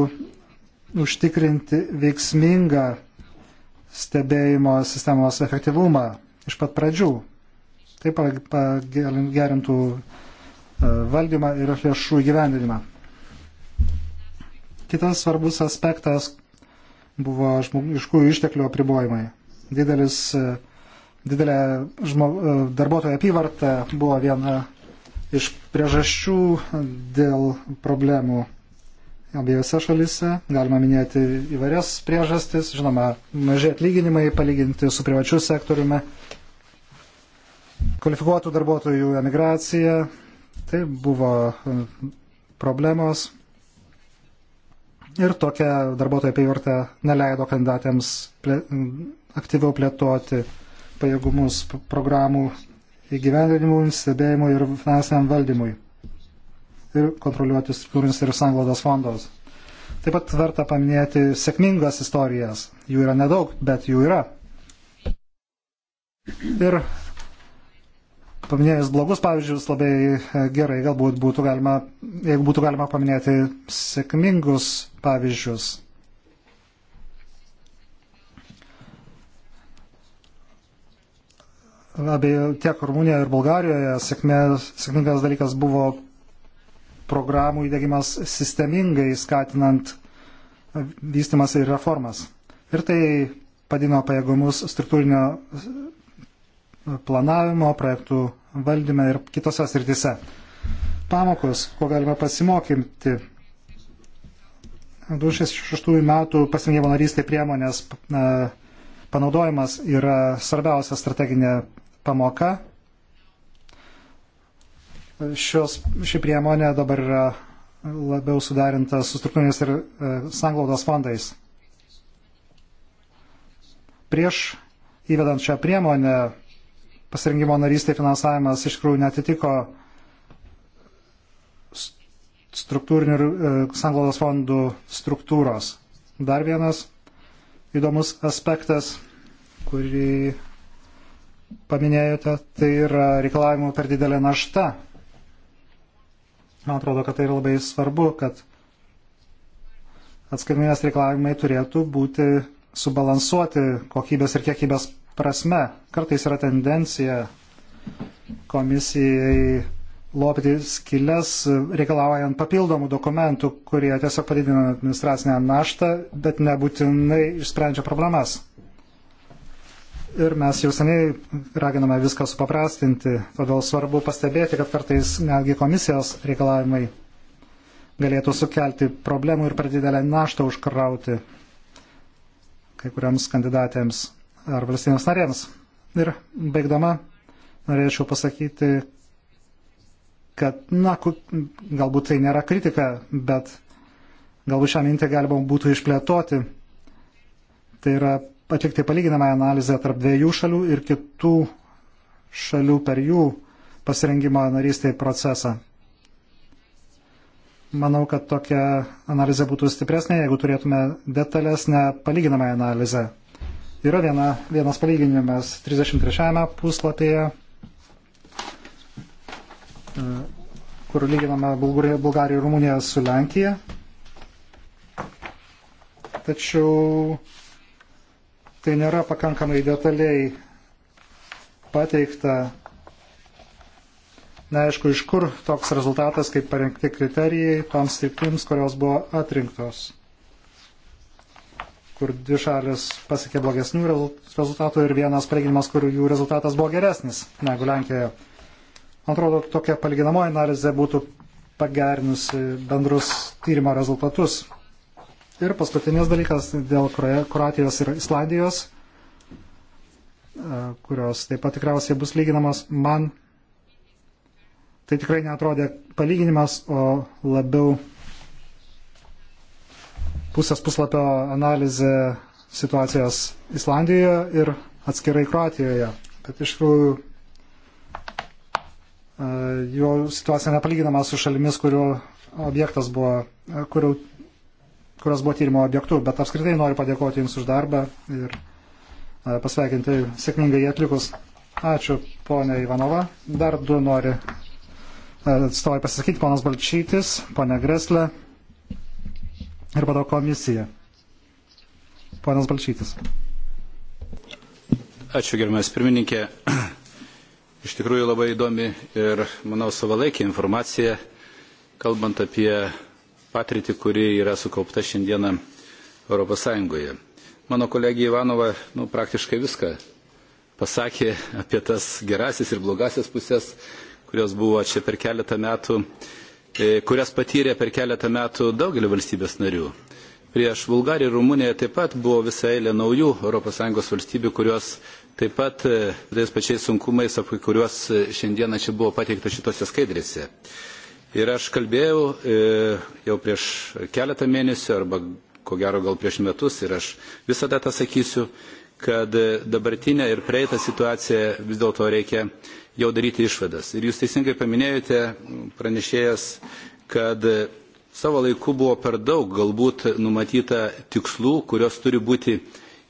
užtikrinti veiksmingą stebėjimo sistemos efektyvumą iš pat pradžių. Tai pagerintų e, valdymą ir lėšų gyvendinimą. Kitas svarbus aspektas buvo žmogiškųjų išteklių apribojimai. Didelis, e, didelė žmo, e, darbuotojų apyvarta buvo viena iš priežasčių dėl problemų abiejose šalise. Galima minėti įvairias priežastis, žinoma, maži atlyginimai palyginti su privačiu sektoriumi, kvalifikuotų darbuotojų emigracija. Tai buvo um, problemos. Ir tokia darbuotojų apyvarta neleido kandidatėms plė, um, aktyviau plėtoti pajėgumus programų įgyvendinimui, stebėjimui ir finansiniam valdymui ir kontroliuoti struktūrinis ir sanglaudos fondos. Taip pat verta paminėti sėkmingas istorijas. Jų yra nedaug, bet jų yra. Ir paminėjus blogus pavyzdžius labai e, gerai, galbūt būtų galima, jeigu būtų galima paminėti sėkmingus pavyzdžius. Abie tiek Rumunijoje ir Bulgarijoje sėkmės, sėkmingas dalykas buvo programų įdėgymas sistemingai skatinant vystimas ir reformas. Ir tai padino pajėgumus struktūrinio planavimo, projektų valdyme ir kitose srityse. Pamokos, ko galima pasimokyti. 2006 metų pasirinkimo narystė priemonės panaudojimas yra svarbiausia strateginė pamoka šios, ši priemonė dabar yra labiau sudarinta su struktūrinės ir e, sanglaudos fondais. Prieš įvedant šią priemonę pasirinkimo narystė finansavimas iš tikrųjų netitiko struktūrinių ir e, sanglaudos fondų struktūros. Dar vienas įdomus aspektas, kurį paminėjote, tai yra reikalavimų per didelė našta Man atrodo, kad tai yra labai svarbu, kad atskaitomybės reikalavimai turėtų būti subalansuoti kokybės ir kiekybės prasme. Kartais yra tendencija komisijai lopyti skilės, reikalaujant papildomų dokumentų, kurie tiesiog padidina administracinę naštą, bet nebūtinai išsprendžia problemas. Ir mes jau seniai raginame viską supaprastinti, todėl svarbu pastebėti, kad kartais netgi komisijos reikalavimai galėtų sukelti problemų ir per didelę naštą užkrauti kai kuriams kandidatėms ar valstybėms narėms. Ir baigdama, norėčiau pasakyti, kad, na, galbūt tai nėra kritika, bet galbūt šią mintį galima būtų išplėtoti. Tai yra atlikti palyginamą analizę tarp dviejų šalių ir kitų šalių per jų pasirengimo narystėje procesą. Manau, kad tokia analizė būtų stipresnė, jeigu turėtume detalesnę palyginamą analizę. Yra viena, vienas palyginimas 33 puslapyje, e, kur lyginame Bulgariją ir Rumuniją su Lenkija. Tačiau tai nėra pakankamai detaliai pateikta. Neaišku, iš kur toks rezultatas, kaip parengti kriterijai toms sritims, kurios buvo atrinktos, kur dvi šalis pasiekė blogesnių rezultatų ir vienas palyginimas, kur jų rezultatas buvo geresnis negu Lenkijoje. Man atrodo, tokia palyginamoji analizė būtų pagerinusi bendrus tyrimo rezultatus. Ir paskutinis dalykas dėl Kroatijos ir Islandijos, e, kurios taip pat tikriausiai bus lyginamos man. Tai tikrai netrodė palyginimas, o labiau pusės puslapio analizė situacijos Islandijoje ir atskirai Kroatijoje. Bet iš tikrųjų e, jo situacija nepalyginama su šalimis, kurio objektas buvo, kurio kurios buvo tyrimo objektu, bet apskritai noriu padėkoti Jums už darbą ir e, pasveikinti sėkmingai jį atlikus. Ačiū, ponė Ivanova. Dar du nori e, atstovai pasisakyti, ponas Balčytis, ponė Greslė ir pado komisija. Ponas Balčytis. Ačiū, gerbiamas pirmininkė. Iš tikrųjų labai įdomi ir, manau, savalaikė informacija, kalbant apie patirtį, kuri yra sukaupta šiandieną ES. Mano kolegija Ivanova nu, praktiškai viską pasakė apie tas gerasis ir blogasis pusės, kurios buvo čia per keletą metų, e, kurias patyrė per keletą metų daugelį valstybės narių. Prieš Bulgariją ir Rumuniją taip pat buvo visa eilė naujų ES valstybių, kurios taip pat e, tais pačiais sunkumais, apie kuriuos e, šiandieną čia buvo pateikta šitose skaidrėse. Ir aš kalbėjau e, jau prieš keletą mėnesių arba ko gero gal prieš metus ir aš visą tą sakysiu, kad e, dabartinę ir praeitą situaciją vis dėlto reikia jau daryti išvadas. Ir jūs teisingai paminėjote, pranešėjas, kad e, savo laiku buvo per daug galbūt numatyta tikslų, kurios turi būti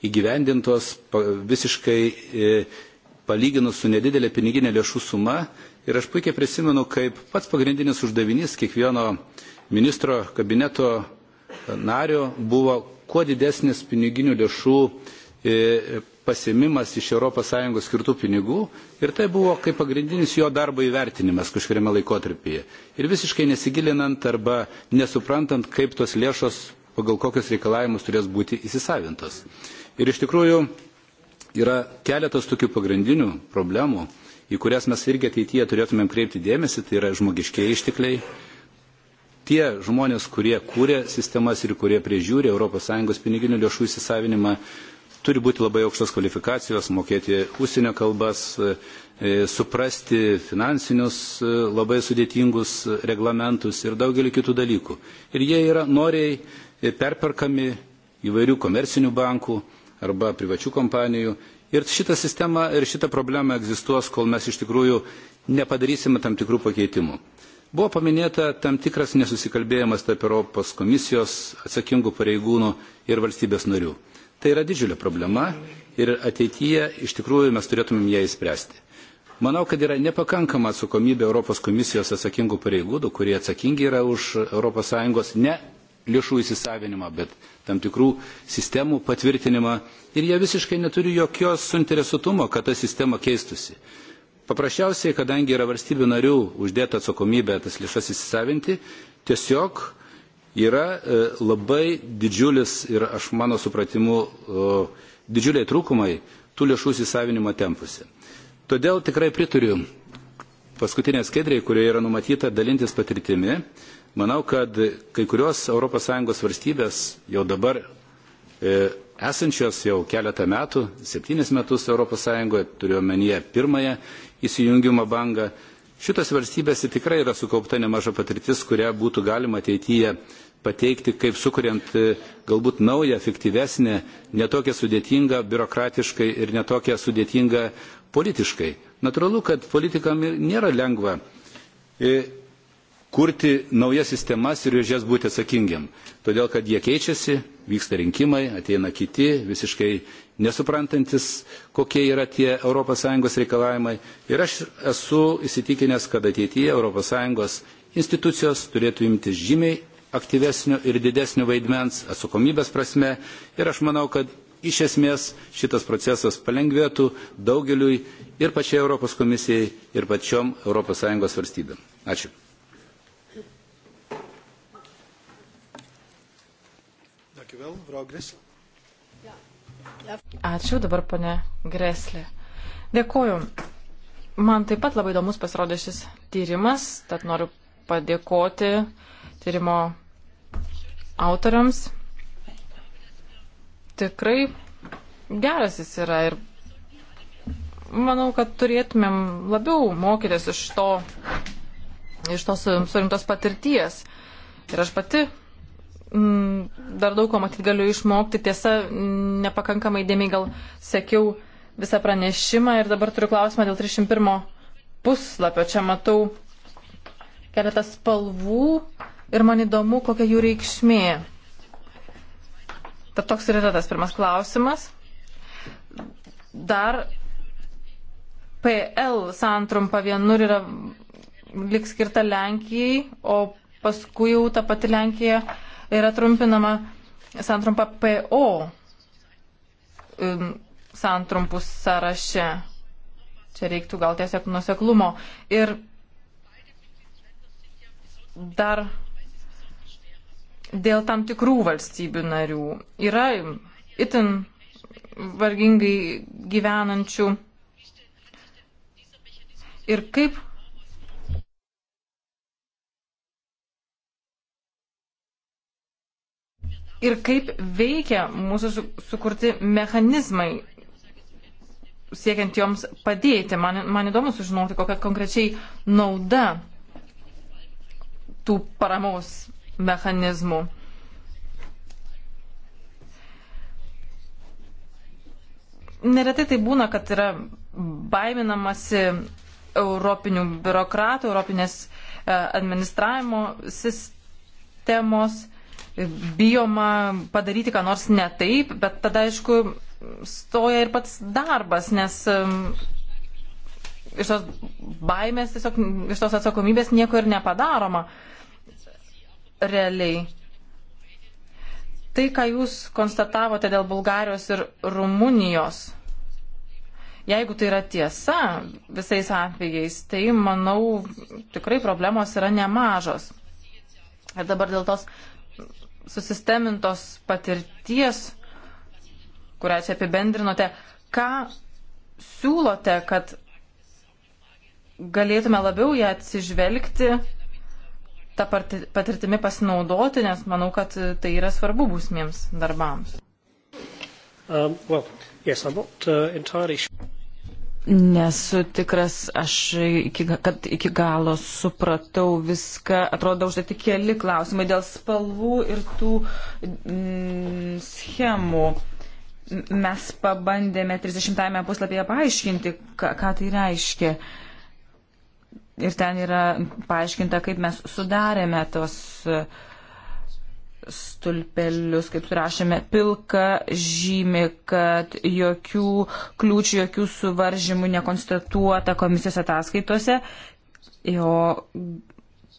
įgyvendintos visiškai e, palyginus su nedidelė piniginė lėšų suma Ir aš puikiai prisimenu, kaip pats pagrindinis uždavinys kiekvieno ministro kabineto nario buvo kuo didesnis piniginių lėšų e, pasimimas iš ES skirtų pinigų ir tai buvo kaip pagrindinis jo darbo įvertinimas kažkuriame laikotarpyje. Ir visiškai nesigilinant arba nesuprantant, kaip tos lėšos pagal kokius reikalavimus turės būti įsisavintos. Ir iš tikrųjų yra keletas tokių pagrindinių problemų į kurias mes irgi ateityje turėtumėm kreipti dėmesį, tai yra žmogiškiai ištikliai. Tie žmonės, kurie kūrė sistemas ir kurie priežiūrė ES piniginių lėšų įsisavinimą, turi būti labai aukštos kvalifikacijos, mokėti užsienio kalbas, e, suprasti finansinius e, labai sudėtingus reglamentus ir daugelį kitų dalykų. Ir jie yra noriai e, perperkami įvairių komercinių bankų arba privačių kompanijų Ir šita sistema ir šita problema egzistuos, kol mes iš tikrųjų nepadarysime tam tikrų pakeitimų. Buvo paminėta tam tikras nesusikalbėjimas tarp Europos komisijos atsakingų pareigūnų ir valstybės narių. Tai yra didžiulė problema ir ateityje iš tikrųjų mes turėtumėm ją įspręsti. Manau, kad yra nepakankama atsakomybė Europos komisijos atsakingų pareigūnų, kurie atsakingi yra už ES ne lėšų įsisavinimą, bet tam tikrų sistemų patvirtinimą ir jie visiškai neturi jokios suinteresuotumo, kad ta sistema keistusi. Paprasčiausiai, kadangi yra valstybių narių uždėta atsakomybė tas lėšas įsisavinti, tiesiog yra e, labai didžiulis ir aš mano supratimu didžiuliai trūkumai tų lėšų įsisavinimo tempuose. Todėl tikrai prituriu paskutinė skaidrė, kurioje yra numatyta dalintis patirtimi, Manau, kad kai kurios ES valstybės jau dabar e, esančios jau keletą metų, septynis metus ES, turiu omenyje pirmąją įsijungimo bangą, šitos valstybėse tikrai yra sukaupta nemaža patirtis, kurią būtų galima ateityje pateikti, kaip sukuriant e, galbūt naują, efektyvesnę, netokią sudėtingą biurokratiškai ir netokią sudėtingą politiškai. Natūralu, kad politikam nėra lengva e, kurti naujas sistemas ir už jas būti atsakingiam. Todėl, kad jie keičiasi, vyksta rinkimai, ateina kiti, visiškai nesuprantantis, kokie yra tie ES reikalavimai. Ir aš esu įsitikinęs, kad ateityje ES institucijos turėtų imtis žymiai aktyvesnio ir didesnio vaidmens atsakomybės prasme. Ir aš manau, kad iš esmės šitas procesas palengvėtų daugeliui ir pačiai Europos komisijai, ir pačiom ES valstybėm. Ačiū. Dankjewel, mevrouw Gressel. Ačiū dabar, pane Greslė. Dėkuoju. Man taip pat labai įdomus pasirodė šis tyrimas, tad noriu padėkoti tyrimo autoriams. Tikrai geras jis yra ir manau, kad turėtumėm labiau mokytis iš to, iš tos surimtos patirties. Ir aš pati Mm, dar daug ko matyt galiu išmokti. Tiesa, nepakankamai dėmiai gal sekiau visą pranešimą ir dabar turiu klausimą dėl 31 puslapio. Čia matau keletą spalvų ir man įdomu, kokia jų reikšmė. Tad toks ir yra tas pirmas klausimas. Dar PL santrumpa vienur yra lik skirta Lenkijai, o paskui jau ta pati Lenkija yra trumpinama santrumpa PO um, santrumpų sąraše. Čia reiktų gal tiesiog nuseklumo. Ir dar dėl tam tikrų valstybių narių yra itin vargingai gyvenančių. Ir kaip ir kaip veikia mūsų su, sukurti mechanizmai siekiant joms padėti. Man, man įdomu sužinoti, kokia konkrečiai nauda tų paramos mechanizmų. Neretai tai būna, kad yra baiminamasi europinių biurokratų, europinės e, administravimo sistemos bijoma padaryti ką nors ne taip, bet tada, aišku, stoja ir pats darbas, nes iš tos baimės, tiesiog iš tos atsakomybės nieko ir nepadaroma realiai. Tai, ką jūs konstatavote dėl Bulgarijos ir Rumunijos, jeigu tai yra tiesa visais atvejais, tai manau tikrai problemos yra nemažos. Ir dabar dėl tos susistemintos patirties, kurią čia apibendrinote, ką siūlote, kad galėtume labiau ją atsižvelgti, tą patirtimi pasinaudoti, nes manau, kad tai yra svarbu būsimiems darbams. Um, well, yes, I'm not, uh, entirely... Nesu tikras, aš iki, kad iki galo supratau viską. Atrodo, uždėti keli klausimai dėl spalvų ir tų mm, schemų. Mes pabandėme 30-ame puslapyje paaiškinti, ką, ką tai reiškia. Ir ten yra paaiškinta, kaip mes sudarėme tos uh, stulpelius, kaip rašėme, pilka žymi, kad jokių kliūčių, jokių suvaržymų nekonstatuota komisijos ataskaitose, jo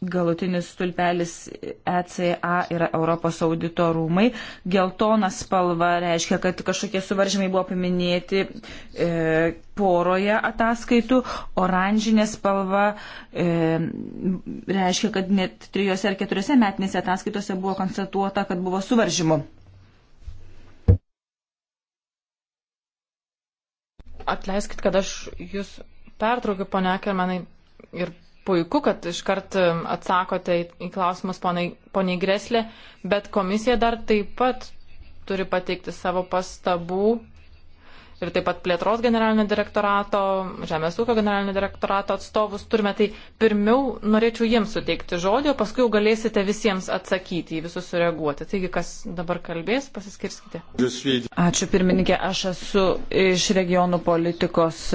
galutinis stulpelis ECA yra Europos audito rūmai. Geltona spalva reiškia, kad kažkokie suvaržymai buvo paminėti e, poroje ataskaitų. Oranžinė spalva e, reiškia, kad net trijose ar keturiose metinėse ataskaitose buvo konstatuota, kad buvo suvaržymų. Atleiskit, kad aš jūs pertraukiu, ponia Kermanai, ir puiku, kad iškart atsakote į klausimus poniai, poniai Greslė, bet komisija dar taip pat turi pateikti savo pastabų ir taip pat plėtros generalinio direktorato, žemės ūkio generalinio direktorato atstovus turime. Tai pirmiau norėčiau jiems suteikti žodį, o paskui jau galėsite visiems atsakyti, į visus sureaguoti. Taigi, kas dabar kalbės, pasiskirskite. Ačiū pirmininkė, aš esu iš regionų politikos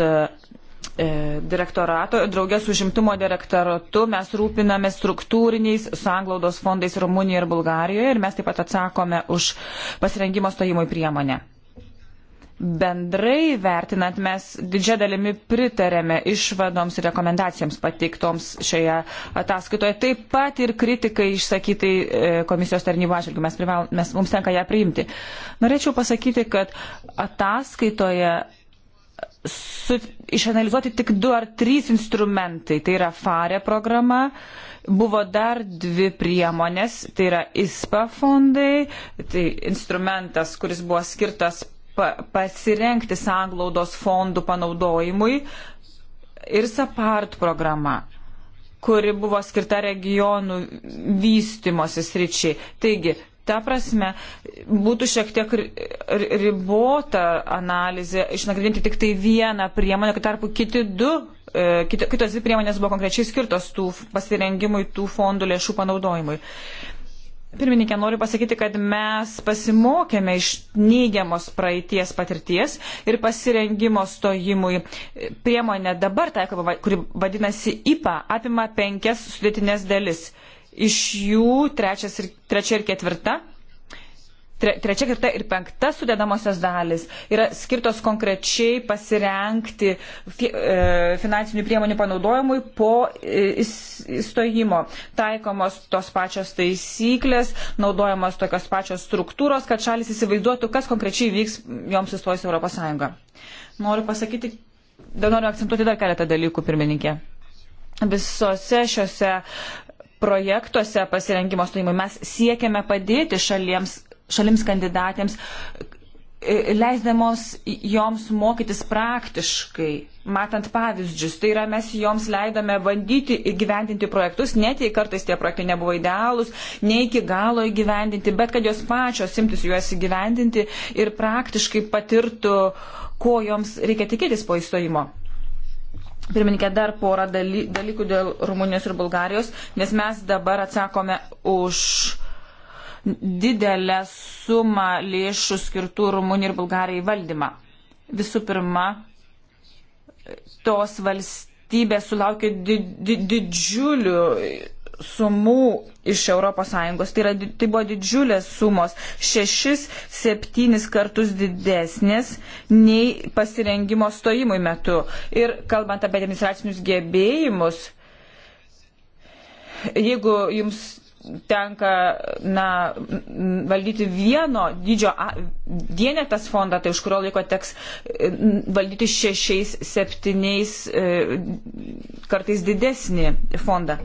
E, direktorato, draugės užimtumo direktoratu mes rūpiname struktūriniais sanglaudos fondais Rumunijoje ir Bulgarijoje ir mes taip pat atsakome už pasirengimo stojimui priemonę. Bendrai vertinant, mes didžia dalimi pritarėme išvadoms ir rekomendacijoms pateiktoms šioje ataskaitoje, taip pat ir kritikai išsakytai e, komisijos tarnybų atžvilgių, mes, prival, mes mums tenka ją priimti. Norėčiau pasakyti, kad ataskaitoje su, išanalizuoti tik du ar trys instrumentai. Tai yra FARE programa, buvo dar dvi priemonės, tai yra ISPA fondai, tai instrumentas, kuris buvo skirtas pa, pasirenkti sanglaudos fondų panaudojimui ir SAPART programa kuri buvo skirta regionų vystimosi sričiai. Taigi, ta prasme būtų šiek tiek ribota analizė išnagrinėti tik tai vieną priemonę, kad tarpu kiti du, e, kit, kitos dvi priemonės buvo konkrečiai skirtos tų pasirengimui, tų fondų lėšų panaudojimui. Pirmininkė, noriu pasakyti, kad mes pasimokėme iš neigiamos praeities patirties ir pasirengimo stojimui. Priemonė dabar, ta, kuri vadinasi IPA, apima penkias sudėtinės dalis Iš jų trečias ir, trečia ir ketvirta, tre, trečia ketvirta ir penkta sudėdamosios dalis yra skirtos konkrečiai pasirenkti fi, e, finansinių priemonių panaudojimui po įstojimo. E, Taikomos tos pačios taisyklės, naudojamos tokios pačios struktūros, kad šalis įsivaizduotų, kas konkrečiai vyks joms įstojus Europos Sąjungą. Noriu pasakyti, dar noriu akcentuoti dar keletą dalykų, pirmininkė visose šiuose projektuose pasirengimo stojimui. Mes siekiame padėti šaliems, šalims kandidatėms, e, leisdamos joms mokytis praktiškai, matant pavyzdžius. Tai yra, mes joms leidome bandyti įgyvendinti projektus, net jei kartais tie projektai nebuvo idealūs, ne iki galo įgyvendinti, bet kad jos pačios imtis juos įgyvendinti ir praktiškai patirtų, ko joms reikia tikėtis po įstojimo. Pirmininkė, dar porą daly, dalykų dėl Rumunijos ir Bulgarijos, nes mes dabar atsakome už didelę sumą lėšų skirtų Rumunijai ir Bulgarijai valdymą. Visų pirma, tos valstybės sulaukė di, di, didžiulių sumų iš ES. Tai, yra, tai buvo didžiulės sumos, šešis, septynis kartus didesnės nei pasirengimo stojimui metu. Ir kalbant apie administracinius gebėjimus, jeigu jums tenka na, valdyti vieno dydžio vienetas fondą, tai už kurio laiko teks e, valdyti šešiais, septyniais, e, kartais didesnį fondą.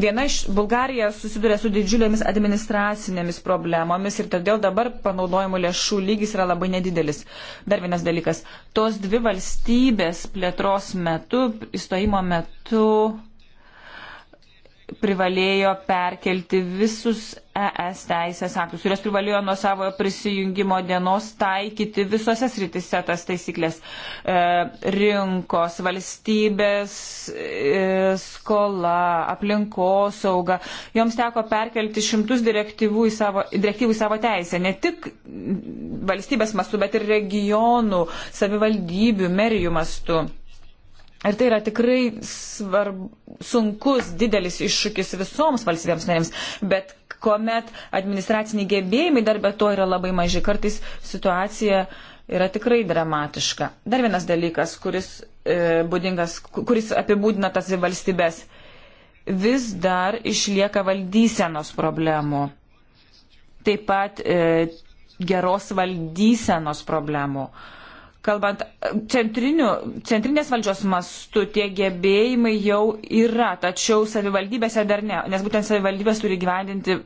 Viena iš Bulgarija susiduria su didžiulėmis administracinėmis problemomis ir todėl dabar panaudojimo lėšų lygis yra labai nedidelis. Dar vienas dalykas. Tos dvi valstybės plėtros metu, įstojimo metu privalėjo perkelti visus ES teisės aktus, kurios privalėjo nuo savo prisijungimo dienos taikyti visose sritise tas taisyklės e, - rinkos, valstybės, e, skola, aplinkosauga. Joms teko perkelti šimtus direktyvų į savo, direktyvų į savo teisę, ne tik valstybės mastu, bet ir regionų, savivaldybių, merijų mastu. Ir tai yra tikrai svarb, sunkus, didelis iššūkis visoms valstybėms narėms, bet kuomet administraciniai gebėjimai darbė to yra labai maži, kartais situacija yra tikrai dramatiška. Dar vienas dalykas, kuris, e, būdingas, kuris apibūdina tas valstybės, vis dar išlieka valdysenos problemų. Taip pat e, geros valdysenos problemų. E, kalbant centrinės valdžios mastu, tie gebėjimai jau yra, tačiau savivaldybėse dar ne, nes būtent savivaldybės turi gyvendinti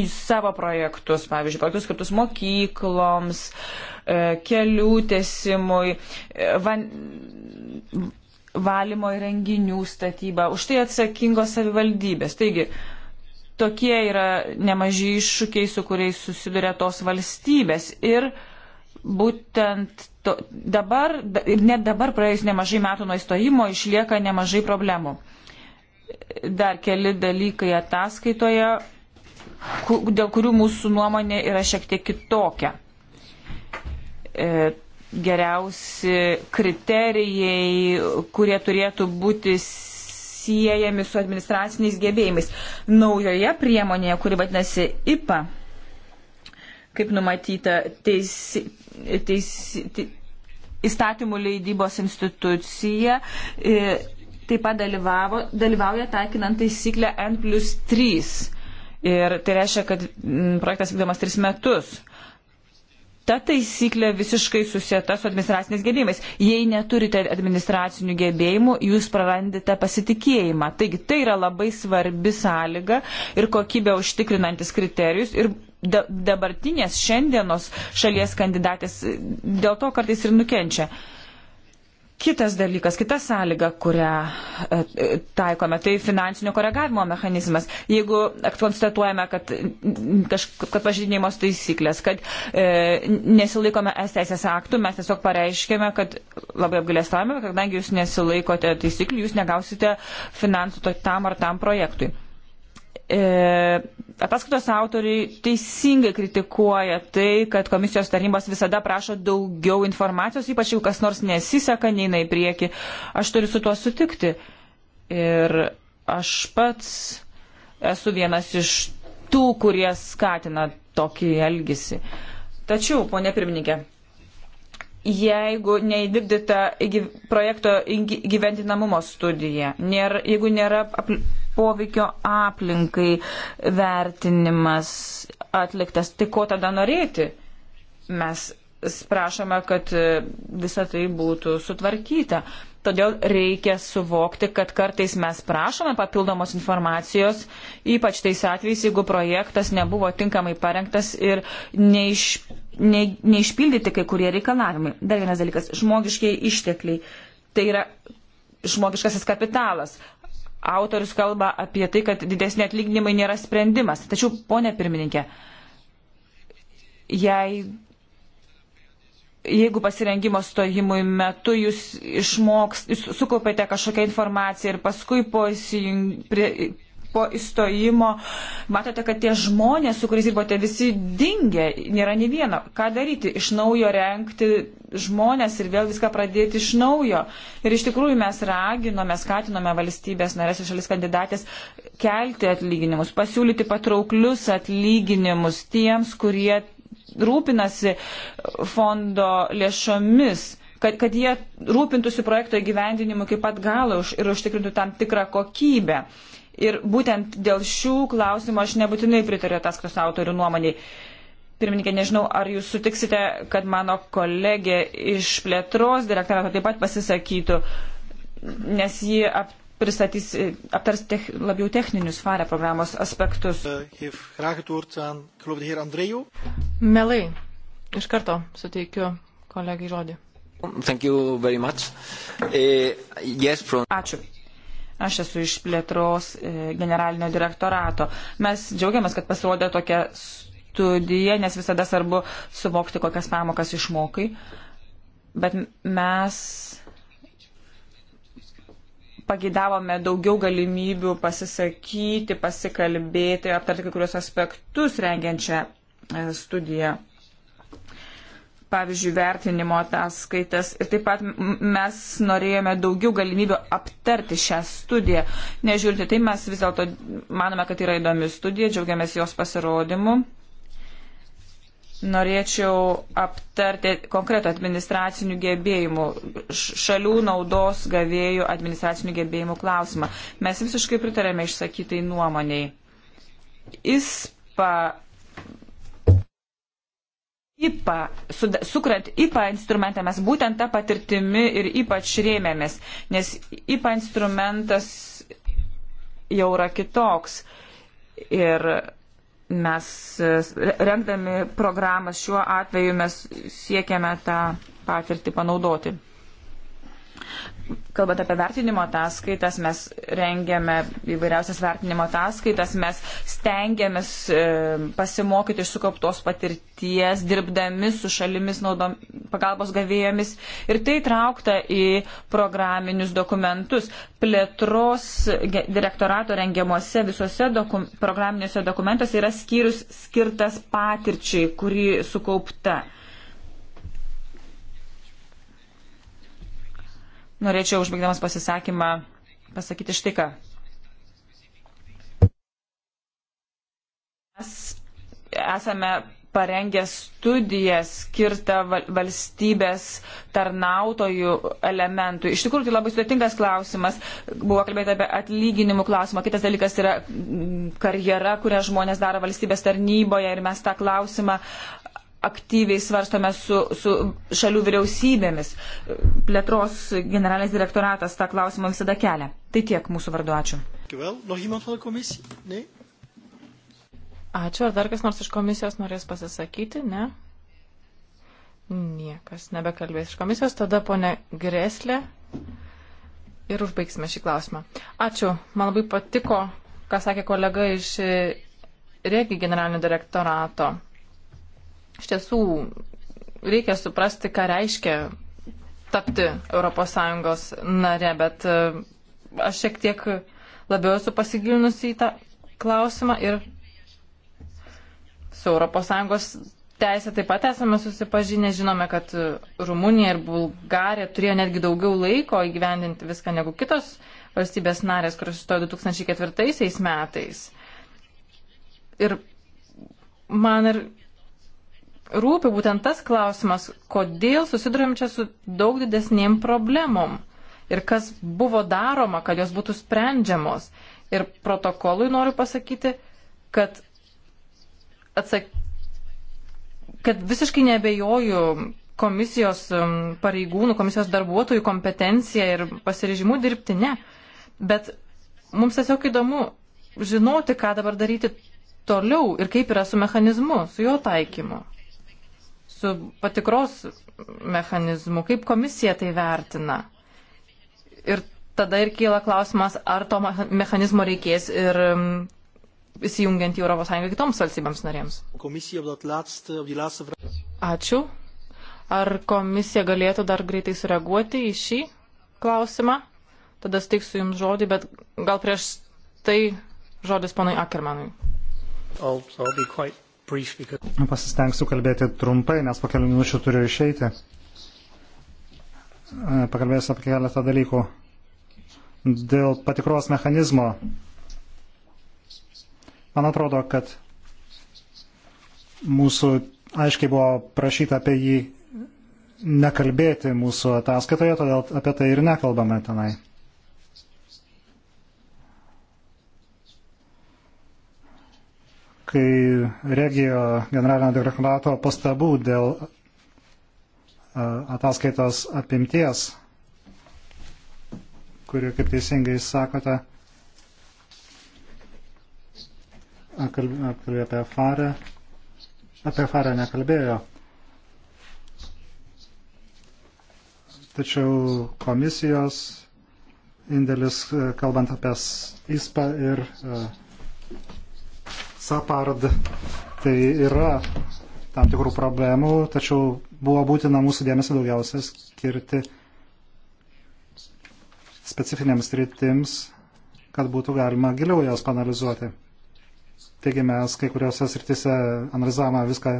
į savo projektus, pavyzdžiui, projektus skirtus mokykloms, e, kelių tesimui, e, van, valymo įrenginių statybą. Už tai atsakingos savivaldybės. Taigi, tokie yra nemaži iššūkiai, su kuriais susiduria tos valstybės. Ir uh, būtent to, dabar, ir net dabar praėjus nemažai metų nuo įstojimo, išlieka nemažai problemų. Dar keli dalykai ataskaitoje, dėl kurių mūsų nuomonė yra šiek tiek kitokia. E, geriausi kriterijai, kurie turėtų būti siejami su administraciniais gebėjimais. Naujoje priemonėje, kuri vadinasi IPA, kaip numatyta teisi, teisi, te, įstatymų leidybos institucija. E, taip pat dalyvavo, dalyvauja taikinant taisyklę N plus 3. Ir tai reiškia, kad projektas vykdomas 3 metus ta taisyklė visiškai susijęta su administraciniais gebėjimais. Jei neturite administracinių gebėjimų, jūs prarandite pasitikėjimą. Taigi tai yra labai svarbi sąlyga ir kokybę užtikrinantis kriterijus ir dabartinės šiandienos šalies kandidatės e, dėl to kartais ir nukenčia. Kitas dalykas, kita sąlyga, kurią e, e, taikome, tai finansinio koregavimo mechanizmas. Jeigu konstatuojame, kad, kad pažydinėjimos taisyklės, kad e, nesilaikome es teisės aktų, mes tiesiog pareiškėme, kad labai apgalėstavome, kadangi jūs nesilaikote taisyklių, jūs negausite finansų tam ar tam projektui e, ataskaitos autoriai teisingai kritikuoja tai, kad komisijos tarnybos visada prašo daugiau informacijos, ypač jeigu kas nors nesiseka, neina į priekį. Aš turiu su tuo sutikti. Ir aš pats esu vienas iš tų, kurie skatina tokį elgesį. Tačiau, ponė pirmininkė, jeigu neįvykdyta projekto gyventinamumo studija, nėra, jeigu nėra apl poveikio aplinkai vertinimas atliktas. Tai ko tada norėti? Mes prašome, kad visa tai būtų sutvarkyta. Todėl reikia suvokti, kad kartais mes prašome papildomos informacijos, ypač tais atvejais, jeigu projektas nebuvo tinkamai parengtas ir neiš, ne, neišpildyti kai kurie reikalavimai. Dar vienas dalykas - žmogiškiai ištekliai. Tai yra žmogiškasis kapitalas autorius kalba apie tai, kad didesni atlyginimai nėra sprendimas. Tačiau, ponė pirmininkė, jei, jeigu pasirengimo stojimui metu jūs išmoks, jūs sukaupėte kažkokią informaciją ir paskui po įsijung, prie, po įstojimo matote, kad tie žmonės, su kuriais dirbote, visi dingė, nėra nei vieno. Ką daryti? Iš naujo renkti žmonės ir vėl viską pradėti iš naujo. Ir iš tikrųjų mes raginome, skatinome valstybės narės ir šalis kandidatės kelti atlyginimus, pasiūlyti patrauklius atlyginimus tiems, kurie rūpinasi fondo lėšomis kad, kad jie rūpintųsi projekto įgyvendinimu iki pat galo už, ir užtikrintų tam tikrą kokybę. Ir būtent dėl šių klausimų aš nebūtinai pritariu ataskaitos autorių nuomoniai. Pirmininkė, nežinau, ar jūs sutiksite, kad mano kolegė iš plėtros direktorato taip pat pasisakytų, nes ji aptikė pristatys, aptars tech, labiau techninius FARE programos aspektus. Eh, Mielai, iš karto suteikiu kolegai žodį. E, yes, from... Ačiū. Aš esu iš plėtros eh, generalinio direktorato. Mes džiaugiamės, kad pasirodė tokia studija, nes visada svarbu suvokti, kokias pamokas išmokai. Bet mes pagidavome daugiau galimybių pasisakyti, pasikalbėti, aptarti kai kurios aspektus rengiančią eh, studiją pavyzdžiui, vertinimo ataskaitas. Ir taip pat mes norėjome daugiau galimybių aptarti šią studiją. Nežiūrinti, tai mes vis dėlto manome, kad yra įdomi studija, džiaugiamės jos pasirodymu. Norėčiau aptarti konkretų administracinių gebėjimų, šalių naudos gavėjų administracinių gebėjimų klausimą. Mes visiškai pritarėme išsakytai nuomoniai. ISPA IPA, sukrat IPA instrumentą mes būtent tą patirtimi ir ypač rėmėmės, nes IPA instrumentas jau yra kitoks. Ir mes e, rengdami programas šiuo atveju mes siekiame tą patirtį panaudoti kalbant apie vertinimo ataskaitas, mes rengiame įvairiausias vertinimo ataskaitas, mes stengiamės e, pasimokyti iš sukauptos patirties, dirbdami su šalimis naudom, pagalbos gavėjomis ir tai traukta į programinius dokumentus. Plėtros direktorato rengiamuose visuose dokum, programiniuose dokumentuose yra skyrius skirtas patirčiai, kuri sukaupta. norėčiau užbaigdamas pasisakymą pasakyti štai ką. Mes esame parengę studiją skirtą valstybės tarnautojų elementui. Iš tikrųjų, tai labai sudėtingas klausimas. Buvo kalbėta apie atlyginimų klausimą. Kitas dalykas yra karjera, kurią žmonės daro valstybės tarnyboje ir mes tą klausimą aktyviai svarstome su, su šalių vyriausybėmis. Plėtros generalinis direktoratas tą klausimą visada kelia. Tai tiek mūsų vardu, ačiū. Ačiū, ar dar kas nors iš komisijos norės pasisakyti, ne? Niekas nebekalbės iš komisijos, tada ponė Greslė ir užbaigsime šį klausimą. Ačiū, man labai patiko, ką sakė kolega iš Regi generalinio direktorato Iš tiesų, reikia suprasti, ką reiškia tapti ES nare, bet e, aš šiek tiek labiau esu pasigilinusi į tą klausimą ir su ES teisė taip pat esame susipažinę, žinome, kad Rumunija ir Bulgarija turėjo netgi daugiau laiko įgyvendinti viską negu kitos valstybės narės, kurios sustojo 2004 metais. Ir man ir rūpi būtent tas klausimas, kodėl susidurėm čia su daug didesnėm problemom ir kas buvo daroma, kad jos būtų sprendžiamos. Ir protokolui noriu pasakyti, kad, atsak... kad visiškai nebejoju komisijos um, pareigūnų, komisijos darbuotojų kompetenciją ir pasirežimu dirbti, ne. Bet mums tiesiog įdomu žinoti, ką dabar daryti toliau ir kaip yra su mechanizmu, su jo taikymu su patikros mechanizmu, kaip komisija tai vertina. Ir tada ir kyla klausimas, ar to mechanizmo reikės ir um, įsijungiant į ES kitoms valstybėms narėms. Uh, Ačiū. Ar komisija galėtų dar greitai sureaguoti į šį klausimą? Tada steiksiu Jums žodį, bet gal prieš tai žodis ponui Akermanui. I'll, I'll brief, because... Nu, pasistengsiu kalbėti trumpai, nes po kelių minučių turiu išeiti. E, pakalbėsiu apie keletą dalykų. Dėl patikros mechanizmo. Man atrodo, kad mūsų aiškiai buvo prašyta apie jį nekalbėti mūsų ataskaitoje, todėl apie tai ir nekalbame tenai. kai regio generalinio direktorato pastabų dėl e, ataskaitos apimties, kuri, kaip teisingai sakote, kalbėjo apie farę, apie farę nekalbėjo. Tačiau komisijos indėlis, e, kalbant apie ISPA ir uh, SAPARD, tai yra tam tikrų problemų, tačiau buvo būtina mūsų dėmesį daugiausia skirti specifinėms rytims, kad būtų galima giliau jas panalizuoti. Taigi mes kai kuriuose sritise analizavome viską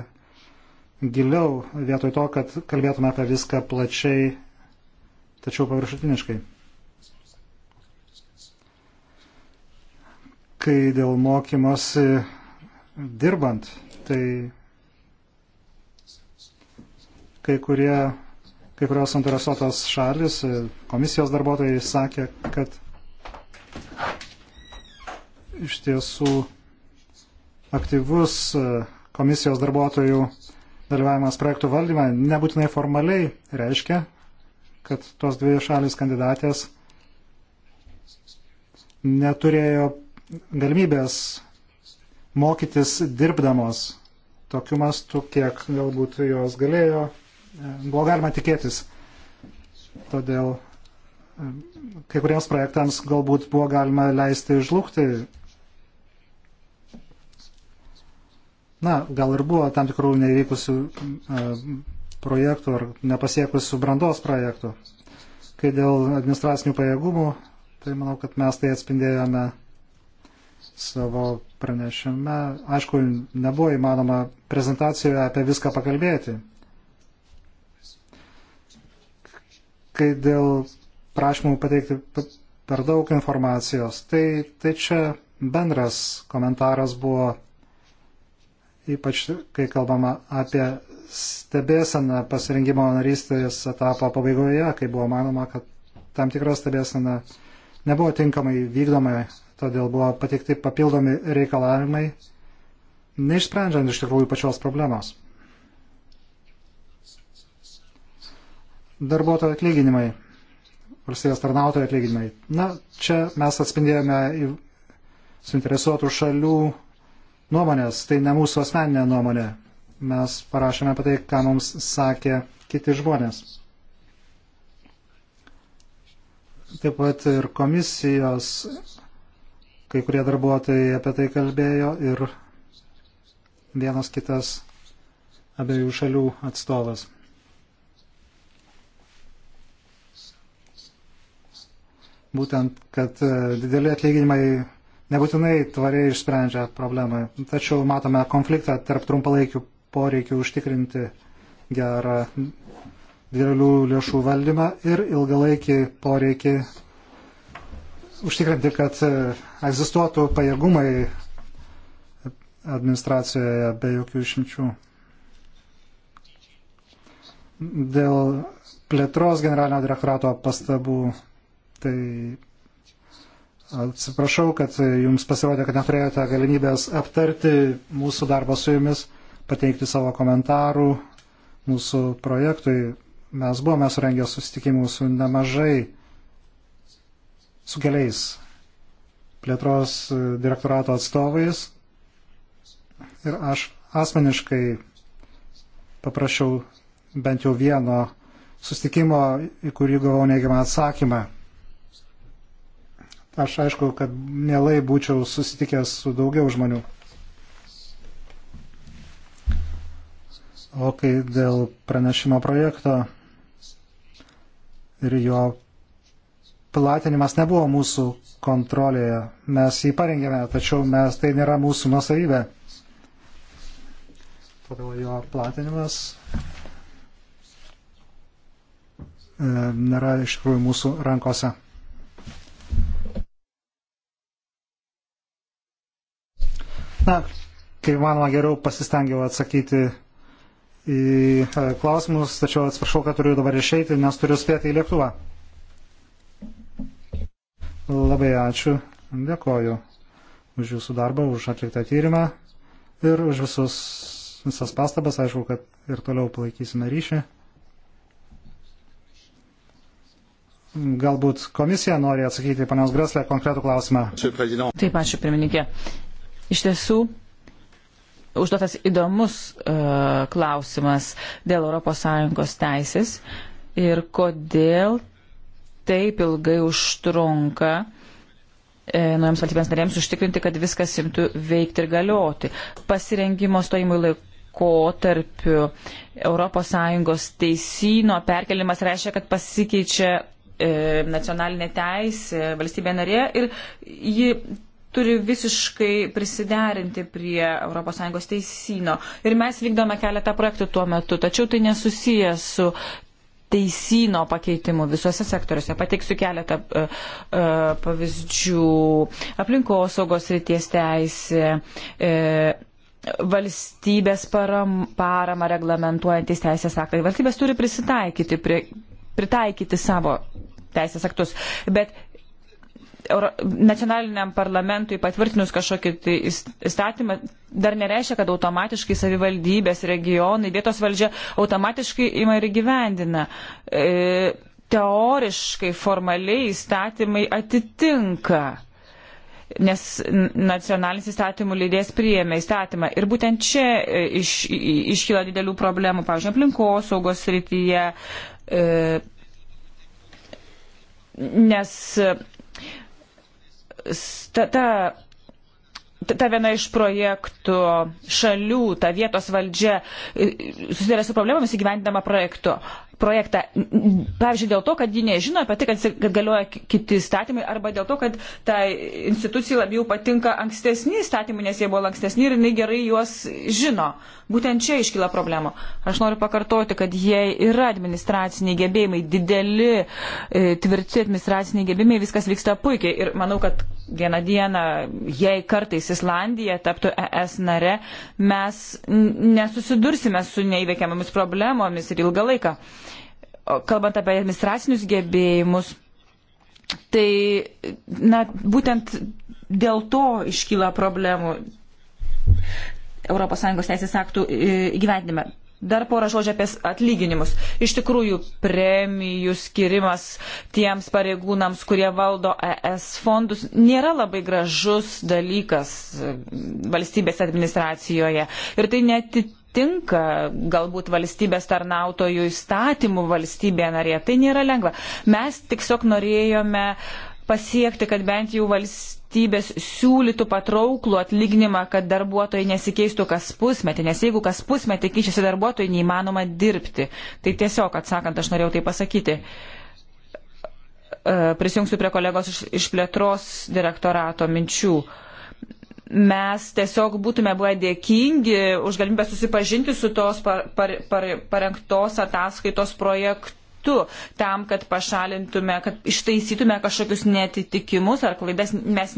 giliau, vietoj to, kad kalbėtume apie viską plačiai, tačiau paviršutiniškai. Kai dėl mokymosi dirbant, tai kai kurie, kai kurios interesuotos šalis, komisijos darbuotojai sakė, kad iš tiesų aktyvus e, komisijos darbuotojų dalyvavimas projektų valdyme nebūtinai formaliai reiškia, kad tos dvi šalis kandidatės neturėjo galimybės mokytis dirbdamos tokiu mastu, kiek galbūt jos galėjo, e, buvo galima tikėtis. Todėl e, kai kuriems projektams galbūt buvo galima leisti žlugti. Na, gal ir buvo tam tikrų nevykusių e, projektų ar nepasiekusių brandos projektų. Kai dėl administracinių pajėgumų, tai manau, kad mes tai atspindėjome savo pranešime. Aišku, nebuvo įmanoma prezentacijoje apie viską pakalbėti. Kai dėl prašymų pateikti per daug informacijos, tai, tai čia bendras komentaras buvo, ypač kai kalbama apie stebėseną pasirinkimo narystės etapo pabaigoje, kai buvo manoma, kad tam tikra stebėsena nebuvo tinkamai vykdoma todėl buvo pateikti papildomi reikalavimai, neišsprendžiant iš tikrųjų pačios problemos. Darbuotojų atlyginimai, valstybės tarnautojų atlyginimai. Na, čia mes atspindėjome suinteresuotų šalių nuomonės, tai ne mūsų asmeninė nuomonė. Mes parašėme apie tai, ką mums sakė kiti žmonės. Taip pat ir komisijos kai kurie darbuotojai apie tai kalbėjo ir vienas kitas abiejų šalių atstovas. Būtent, kad e, dideli atlyginimai nebūtinai tvariai išsprendžia problemą. Tačiau matome konfliktą tarp trumpalaikių poreikių užtikrinti gerą didelių lėšų valdymą ir ilgalaikį poreikį užtikrinti, kad e, egzistuotų pajėgumai administracijoje be jokių išimčių. Dėl plėtros generalinio direktorato pastabų, tai atsiprašau, kad jums pasirodė, kad neturėjote galimybės aptarti mūsų darbą su jumis, pateikti savo komentarų mūsų projektui. Mes buvome surengę susitikimų su nemažai su keliais plėtros e, direktorato atstovais ir aš asmeniškai paprašiau bent jau vieno sustikimo, į kurį gavau neigiamą atsakymą. Aš aišku, kad mielai būčiau susitikęs su daugiau žmonių. O kai dėl pranešimo projekto ir jo platinimas nebuvo mūsų kontrolėje. Mes jį parengėme, tačiau mes, tai nėra mūsų nusavybė. Todėl jo platinimas e, nėra iš tikrųjų mūsų rankose. Na, kaip manoma, geriau pasistengiau atsakyti į e, klausimus, tačiau atsiprašau, kad turiu dabar išeiti, nes turiu spėti į lėktuvą. Labai ačiū, dėkoju už jūsų darbą, už atliktą tyrimą ir už visus, visas pastabas. Aišku, kad ir toliau palaikysime ryšį. Galbūt komisija nori atsakyti panios Greslė konkretų klausimą. Taip, ačiū pirmininkė. Iš tiesų, užduotas įdomus uh, klausimas dėl ES teisės ir kodėl taip ilgai užtrunka e, naujams valstybėms narėms užtikrinti, kad viskas imtų veikti ir galioti. Pasirengimo stojimui laikotarpiu ES teisino perkelimas reiškia, kad pasikeičia e, nacionalinė teisė valstybė narė ir ji turi visiškai prisiderinti prie ES teisino. Ir mes vykdome keletą projektų tuo metu, tačiau tai nesusijęs su teisino pakeitimų visuose sektoriuose. Pateiksiu keletą e, e, pavyzdžių. Aplinkosaugos ryties teisė. E, valstybės param, parama reglamentuojantis teisės aktai. Valstybės turi prisitaikyti, pri, pritaikyti savo teisės aktus, bet nacionaliniam parlamentui patvirtinus kažkokį tai įstatymą dar nereiškia, kad automatiškai savivaldybės, regionai, vietos valdžia automatiškai ima ir gyvendina. E, teoriškai, formaliai įstatymai atitinka nes nacionalinis įstatymų leidėjas priėmė įstatymą. Ir būtent čia e, iš, iškyla didelių problemų, pavyzdžiui, aplinkosaugos srityje, e, nes ta, ta, ta viena iš projektų šalių, ta vietos valdžia e, e, susiduria su problemomis įgyvendama projektu projektą. Pavyzdžiui, dėl to, kad ji nežino apie tai, kad, kad galioja kiti įstatymai, arba dėl to, kad tai institucijai labiau patinka ankstesni įstatymai, nes jie buvo lankstesni ir jinai gerai juos žino. Būtent čia iškyla problemų. Aš noriu pakartoti, kad jei yra administraciniai gebėjimai, dideli, e, tvirti administraciniai gebėjimai, viskas vyksta puikiai. Ir manau, kad vieną dieną, jei kartais Islandija taptų ES nare, mes nesusidursime su neįveikiamomis problemomis ir ilgą laiką kalbant apie administracinius gebėjimus, tai na, būtent dėl to iškyla problemų ES teisės aktų įgyvendime. E, Dar porą žodžių apie atlyginimus. Iš tikrųjų, premijų skirimas tiems pareigūnams, kurie valdo ES fondus, nėra labai gražus dalykas e, valstybės administracijoje. Ir tai netit netinka galbūt valstybės tarnautojų įstatymų valstybėje narėje. Tai nėra lengva. Mes tiesiog norėjome pasiekti, kad bent jau valstybės siūlytų patrauklų atlyginimą, kad darbuotojai nesikeistų kas pusmetį, nes jeigu kas pusmetį keičiasi darbuotojai, neįmanoma dirbti. Tai tiesiog, atsakant, aš norėjau tai pasakyti. E, prisijungsiu prie kolegos iš, iš plėtros direktorato minčių. Uh, mes tiesiog būtume buvę dėkingi už galimybę susipažinti su tos par, par, par, parengtos ataskaitos projektu tam, kad pašalintume, kad ištaisytume kažkokius netitikimus ar klaidas. Mes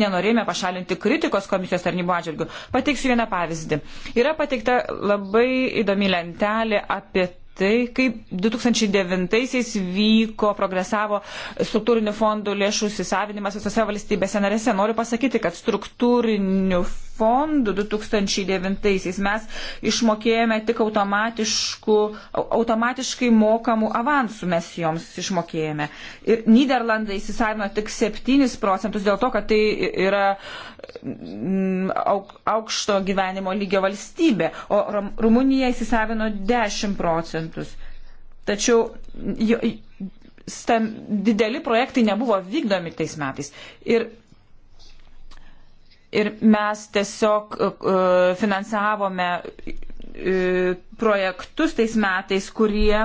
nenorėjome pašalinti kritikos komisijos tarnybų atžvilgių. Pateiksiu vieną pavyzdį. Yra pateikta labai įdomi lentelė apie tai, kaip 2009-aisiais vyko, progresavo struktūrinių fondų lėšų įsisavinimas visose valstybėse narėse. Noriu pasakyti, kad struktūrinių fondų fondų 2009-aisiais mes išmokėjome tik automatiškai mokamų avansų, mes joms išmokėjome. Ir Niderlandai įsisavino tik 7 procentus dėl to, kad tai yra mm, aukšto gyvenimo lygio valstybė, o Rumunija įsisavino 10 procentus. Tačiau jo, stam, dideli projektai nebuvo vykdomi tais metais. Ir ir mes tiesiog e, e, finansavome e, projektus tais metais, kurie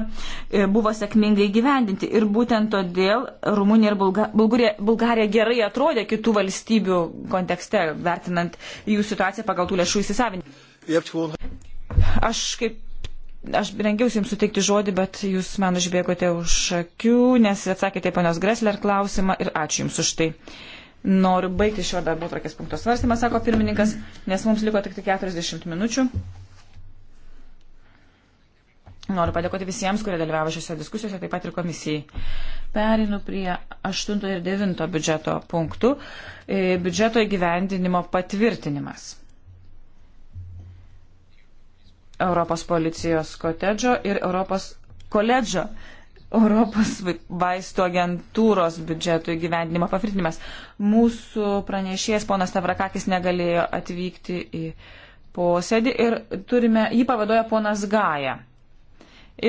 buvo sėkmingai gyvendinti. Ir būtent todėl Rumunija ir Bulga, Bulgarija, Bulgarija gerai atrodė kitų valstybių kontekste, vertinant jų situaciją pagal tų lėšų įsisavinimą. Aš kaip aš rengiausi jums suteikti žodį, bet jūs man užbėgote už akių, nes atsakėte į ponios Gresler klausimą ir ačiū jums už tai. Uh, Noriu baigti šio darbo trakės punkto svarstymą, sako pirmininkas, nes mums liko tik 40 minučių. Noriu padėkoti visiems, kurie dalyvavo šiose diskusijose, taip pat ir komisijai. Perinu prie 8 ir 9 biudžeto punktų. E, biudžeto įgyvendinimo patvirtinimas. Europos policijos kotedžo ir Europos koledžo Europos vaistų agentūros biudžeto įgyvendinimo patvirtinimas. Mūsų pranešėjas ponas Tavrakakis negalėjo atvykti į posėdį ir turime, jį pavadoja ponas Gaja.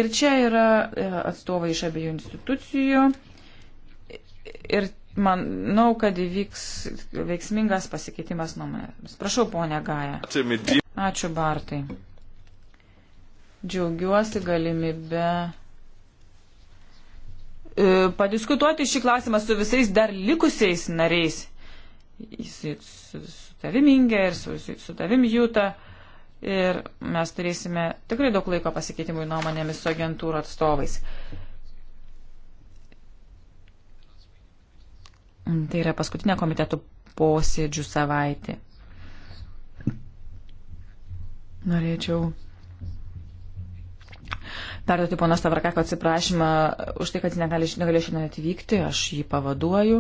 Ir čia yra e, atstovai iš abiejų institucijų. Ir manau, kad įvyks veiksmingas pasikeitimas nuomonėmis. Prašau, ponia Gaja. Ačiū, Bartai. Džiaugiuosi galimybę E, padiskutuoti šį klausimą su visais dar likusiais nariais. Jis su, su tavim Inge ir su, su, su tavim Jūta. Ir mes turėsime tikrai daug laiko pasikeitimui nuomonėmis su agentūrų atstovais. Tai yra paskutinė komitetų posėdžių savaitė. Norėčiau perduoti pono Stavrakako atsiprašymą už tai, kad jis negali, negalėjo šiandien atvykti, aš jį pavaduoju.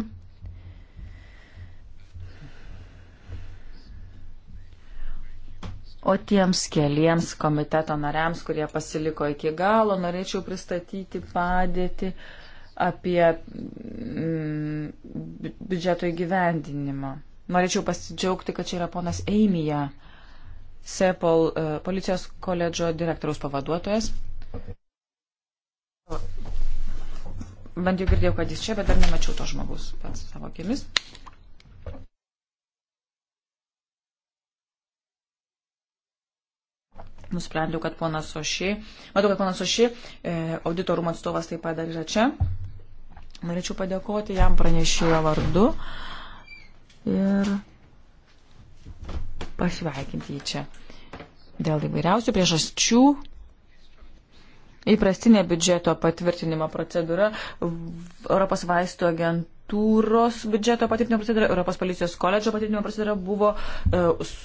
O tiems keliems komiteto nariams, kurie pasiliko iki galo, norėčiau pristatyti padėtį apie mm, biudžeto įgyvendinimą. Norėčiau pasidžiaugti, kad čia yra ponas Eimija, SEPOL e, policijos koledžo direktoriaus pavaduotojas. Bent jau girdėjau, kad jis čia, bet dar nemačiau to žmogus pats savo akimis. Nusprendžiau, kad ponas Oši, matau, kad ponas Oši, e, auditorumo atstovas taip pat dar yra čia. Norėčiau padėkoti jam pranešėjo vardu ir pasveikinti jį čia. Dėl įvairiausių priežasčių įprastinė biudžeto patvirtinimo procedūra, Europos vaistų agentūros biudžeto patvirtinimo procedūra, Europos policijos koledžo patvirtinimo procedūra buvo uh,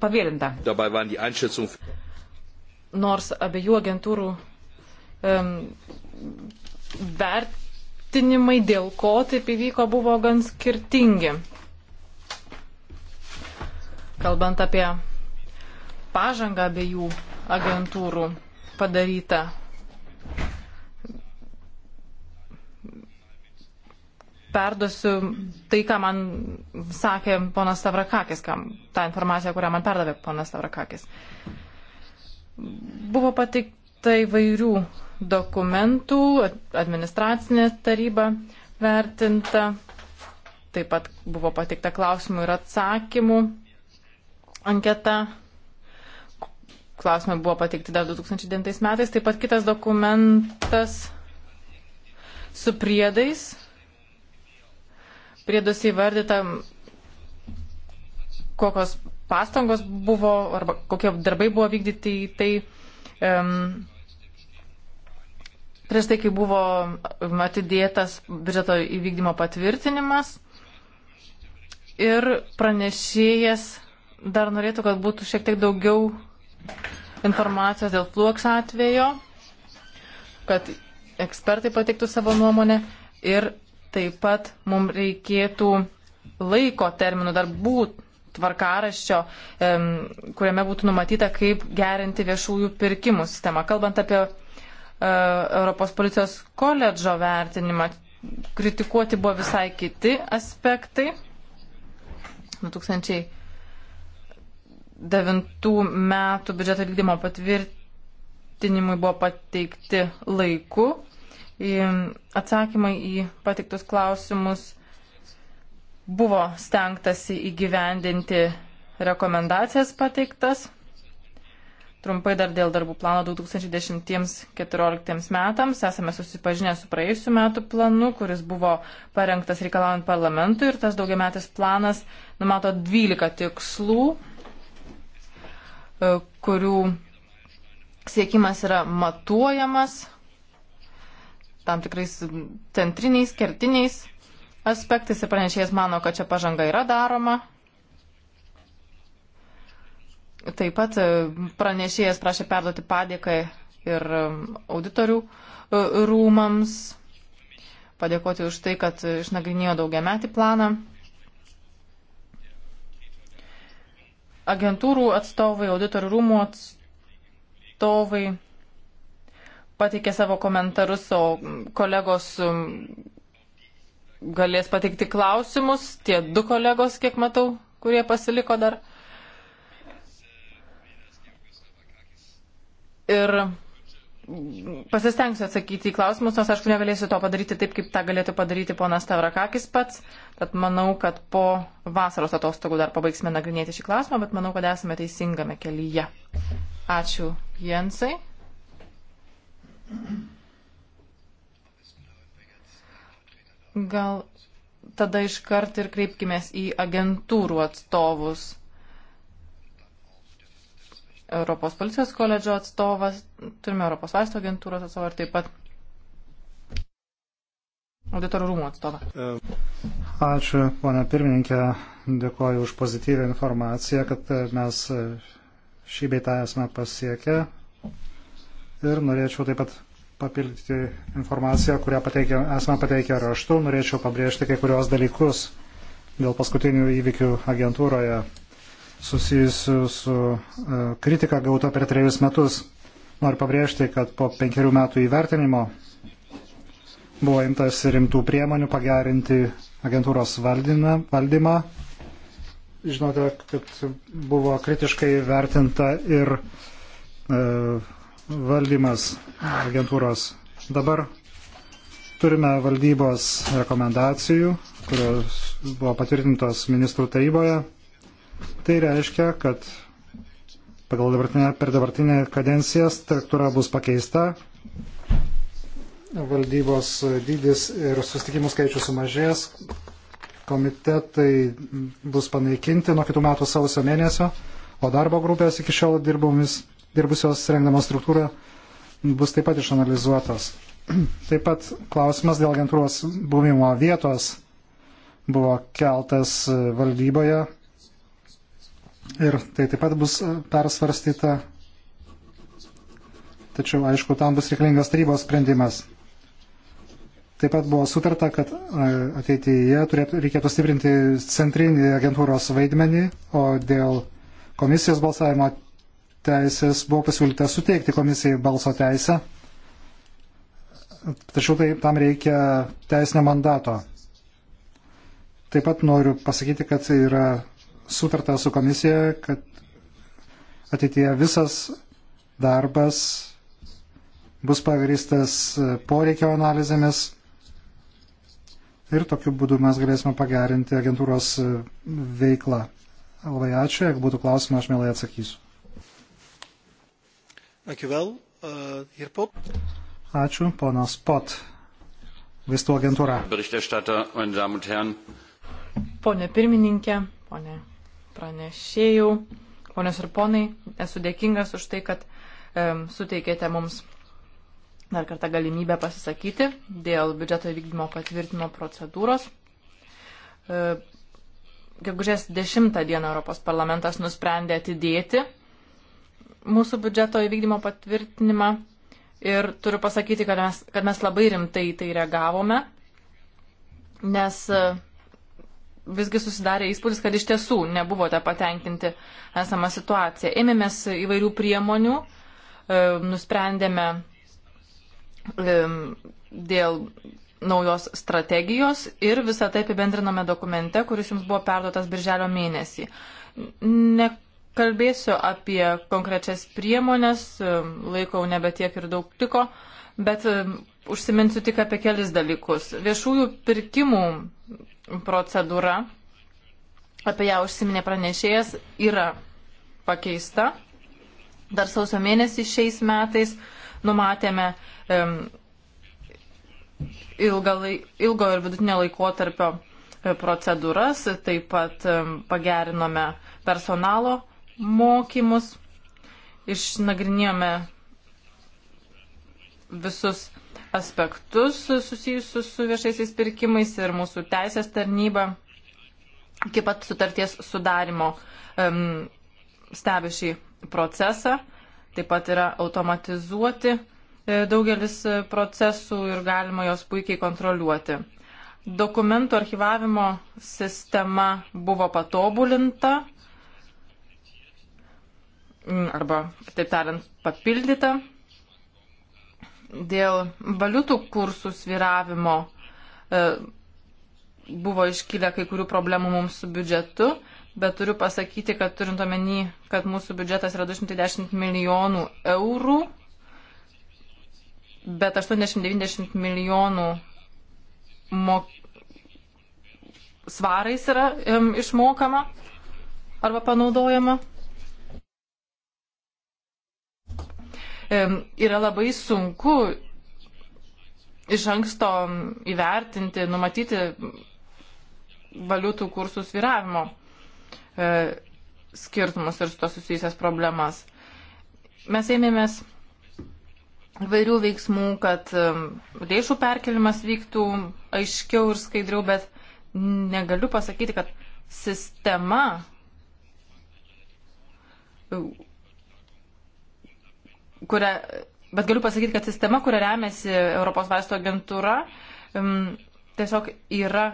pavėlinta. Nors abiejų agentūrų um, vertinimai, dėl ko taip įvyko, buvo gan skirtingi. Kalbant apie pažangą abiejų agentūrų padaryta. Perduosiu tai, ką man sakė ponas Stavrakakis, kam, tą informaciją, kurią man perdavė ponas Stavrakakis. Buvo patikta įvairių dokumentų, administracinė taryba vertinta, taip pat buvo patikta klausimų ir atsakymų anketa klausimai buvo pateikti dar 2009 metais. Taip pat kitas dokumentas su priedais. Priedus įvardyta, kokios pastangos buvo arba kokie darbai buvo vykdyti į tai. Um, prieš tai, kai buvo atidėtas biudžeto įvykdymo patvirtinimas ir pranešėjas dar norėtų, kad būtų šiek tiek daugiau informacijos dėl fluoks atvejo, kad ekspertai pateiktų savo nuomonę ir taip pat mums reikėtų laiko terminų darbų tvarkaraščio, kuriame būtų numatyta, kaip gerinti viešųjų pirkimų sistemą. Kalbant apie e, Europos policijos koledžo vertinimą, kritikuoti buvo visai kiti aspektai. 2000 2009 metų biudžeto vykdymo patvirtinimui buvo pateikti laiku. Atsakymai į pateiktus klausimus buvo stengtasi įgyvendinti rekomendacijas pateiktas. Trumpai dar dėl darbų plano 2010-2014 metams. Esame susipažinę su praėjusiu metu planu, kuris buvo parengtas reikalaujant parlamentui ir tas daugiametis planas numato 12 tikslų E, kurių siekimas yra matuojamas tam tikrais centriniais, kertiniais aspektais ir pranešėjas mano, kad čia pažanga yra daroma. Taip pat e, pranešėjas prašė perduoti padėką ir e, auditorių rūmams, padėkoti už tai, kad išnagrinėjo daugiametį planą. agentūrų atstovai, auditorių rūmų atstovai pateikė savo komentarus, o kolegos um, galės pateikti klausimus, tie du kolegos, kiek matau, kurie pasiliko dar. Ir pasistengsiu atsakyti į klausimus, nors aišku negalėsiu to padaryti taip, kaip tą galėtų padaryti ponas Tavrakakis pats. Tad manau, kad po vasaros atostogų dar pabaigsime nagrinėti šį klausimą, bet manau, kad esame teisingame kelyje. Ačiū Jensai. Gal tada iškart ir kreipkime į agentūrų atstovus. Europos policijos koledžio atstovas, turime Europos vaisto agentūros atstovą ir taip pat auditorų rūmų atstovą. Ačiū, ponia pirmininkė, dėkoju už pozityvę informaciją, kad mes šį beitą esame pasiekę. Ir norėčiau taip pat papildyti informaciją, kurią pateikė, esame pateikę raštu. Norėčiau pabrėžti kai kurios dalykus dėl paskutinių įvykių agentūroje susijusių su e, kritika gauta per trejus metus. Noriu pabrėžti, kad po penkerių metų įvertinimo buvo imtas rimtų priemonių pagerinti agentūros valdymą. valdymą. Žinote, kad buvo kritiškai vertinta ir e, valdymas agentūros. Dabar turime valdybos rekomendacijų, kurios buvo patvirtintos ministrų taryboje Tai reiškia, kad pagal dabartinę, per dabartinę kadenciją struktūra bus pakeista, valdybos dydis ir sustikimų skaičius sumažės, komitetai bus panaikinti nuo kitų metų sausio mėnesio, o darbo grupės iki šiol dirbomis, dirbusios rengdamos struktūrą bus taip pat išanalizuotos. (clears throat) Taip pat klausimas dėl agentūros buvimo vietos buvo keltas valdyboje Ir tai taip pat bus e, persvarstyta, tačiau aišku, tam bus reikalingas tarybos sprendimas. Taip pat buvo sutarta, kad e, ateityje turėtų, reikėtų stiprinti centrinį agentūros vaidmenį, o dėl komisijos balsavimo teisės buvo pasiūlyta suteikti komisijai balso teisę, tačiau tai, tam reikia teisinio mandato. Taip pat noriu pasakyti, kad yra sutarta su komisija, kad ateitie visas darbas bus pagristas poreikio analizėmis ir tokiu būdu mes galėsime pagerinti agentūros veiklą. Labai ačiū, jeigu būtų klausimų, aš mielai atsakysiu. Uh, ačiū, ponas Pot, vaistų agentūra. Pone pirmininkė, pone pranešėjų, ponios ir ponai, esu dėkingas už tai, kad e, suteikėte mums dar kartą galimybę pasisakyti dėl biudžeto įvykdymo patvirtimo procedūros. E, Gegužės 10 dieną Europos parlamentas nusprendė atidėti mūsų biudžeto įvykdymo patvirtinimą ir turiu pasakyti, kad mes, kad mes labai rimtai tai reagavome, nes e, visgi susidarė įspūdis, kad iš tiesų nebuvote patenkinti esamą situaciją. Ėmėmės įvairių priemonių, e, nusprendėme e, dėl naujos strategijos ir visą tai apibendrinome dokumente, kuris jums buvo perduotas birželio mėnesį. Nekalbėsiu apie konkrečias priemonės, e, laiko nebe tiek ir daug tiko, bet užsiminsiu tik apie kelis dalykus. Viešųjų pirkimų procedūra, apie ją užsiminė pranešėjas, yra pakeista. Dar sausio mėnesį šiais metais numatėme um, ilgalai, ilgo ir vidutinio laikotarpio e, procedūras, taip pat um, pagerinome personalo mokymus, išnagrinėjome visus aspektus susijusius su viešaisiais pirkimais ir mūsų teisės tarnyba iki pat sutarties sudarimo um, stebi šį procesą. Taip pat yra automatizuoti e, daugelis e, procesų ir galima jos puikiai kontroliuoti. Dokumentų archivavimo sistema buvo patobulinta arba, kitaip tariant, papildyta dėl valiutų kursų sviravimo e, buvo iškilę kai kurių problemų mums su biudžetu, bet turiu pasakyti, kad turint omeny, kad mūsų biudžetas yra 210 milijonų eurų, bet 80-90 milijonų mok... svarais yra um, išmokama arba panaudojama. yra labai sunku iš anksto įvertinti, numatyti valiutų kursų sviravimo e, skirtumus ir su to susijusias problemas. Mes ėmėmės vairių veiksmų, kad lėšų perkelimas vyktų aiškiau ir skaidriau, bet negaliu pasakyti, kad sistema kuria, bet galiu pasakyti, kad sistema, kuria remiasi Europos vaisto agentūra, tiesiog yra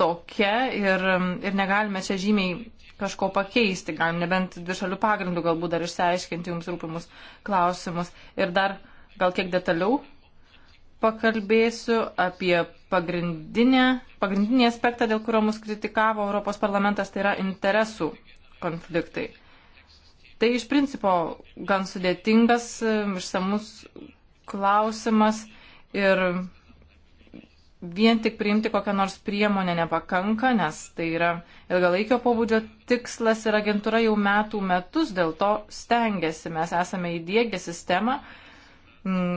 tokia ir, ir negalime čia žymiai kažko pakeisti, galim nebent dvišalių pagrindų galbūt dar išsiaiškinti jums rūpimus klausimus. Ir dar gal kiek detaliau pakalbėsiu apie pagrindinį aspektą, dėl kurio mus kritikavo Europos parlamentas, tai yra interesų konfliktai. Tai iš principo gan sudėtingas, išsamus klausimas ir vien tik priimti kokią nors priemonę nepakanka, nes tai yra ilgalaikio pobūdžio tikslas ir agentūra jau metų metus dėl to stengiasi. Mes esame įdėgę sistemą,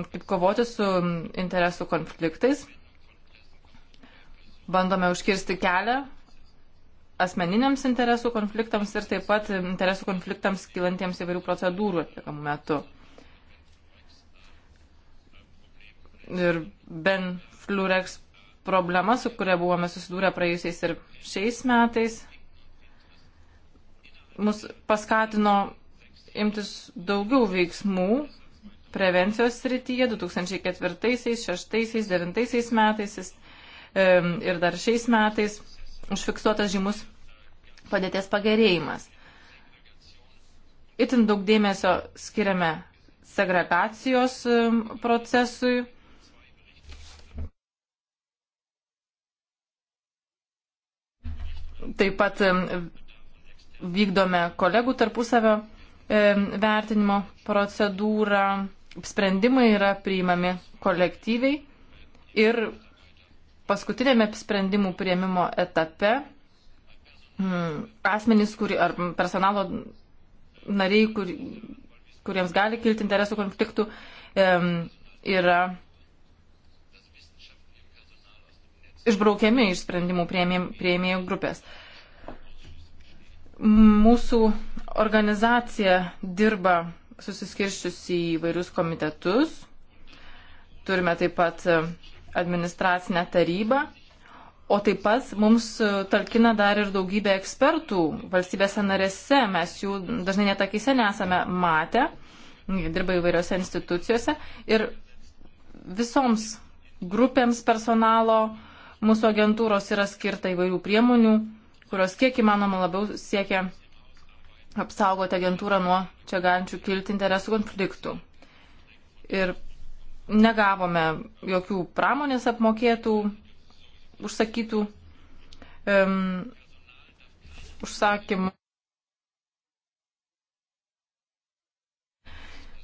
kaip kovoti su interesų konfliktais bandome užkirsti kelią asmeniniams interesų konfliktams ir taip pat interesų konfliktams kilantiems įvairių procedūrų atliekamų metu. Ir Ben Flurex problema, su kuria buvome susidūrę praėjusiais ir šiais metais, mus paskatino imtis daugiau veiksmų prevencijos srityje 2004, 2006, 2009 metais ir dar šiais metais užfiksuotas žymus padėties pagerėjimas. Itin daug dėmesio skiriame segregacijos procesui. Taip pat vykdome kolegų tarpusavio vertinimo procedūrą. Sprendimai yra priimami kolektyviai ir paskutinėme sprendimų prieimimo etape mm, asmenys kur, ar personalo nariai, kur, kuriems gali kilti interesų konfliktų, e, yra išbraukiami iš sprendimų prieimėjų grupės. Mūsų organizacija dirba susiskirščius į vairius komitetus. Turime taip pat administracinę tarybą, o taip pat mums talkina dar ir daugybė ekspertų valstybėse narėse, mes jų dažnai netakyse nesame matę, dirba įvairiose institucijose ir visoms grupėms personalo mūsų agentūros yra skirta įvairių priemonių, kurios kiek įmanoma labiau siekia apsaugoti agentūrą nuo čia galinčių kilti interesų konfliktų. Ir negavome jokių pramonės apmokėtų, užsakytų um, užsakymų.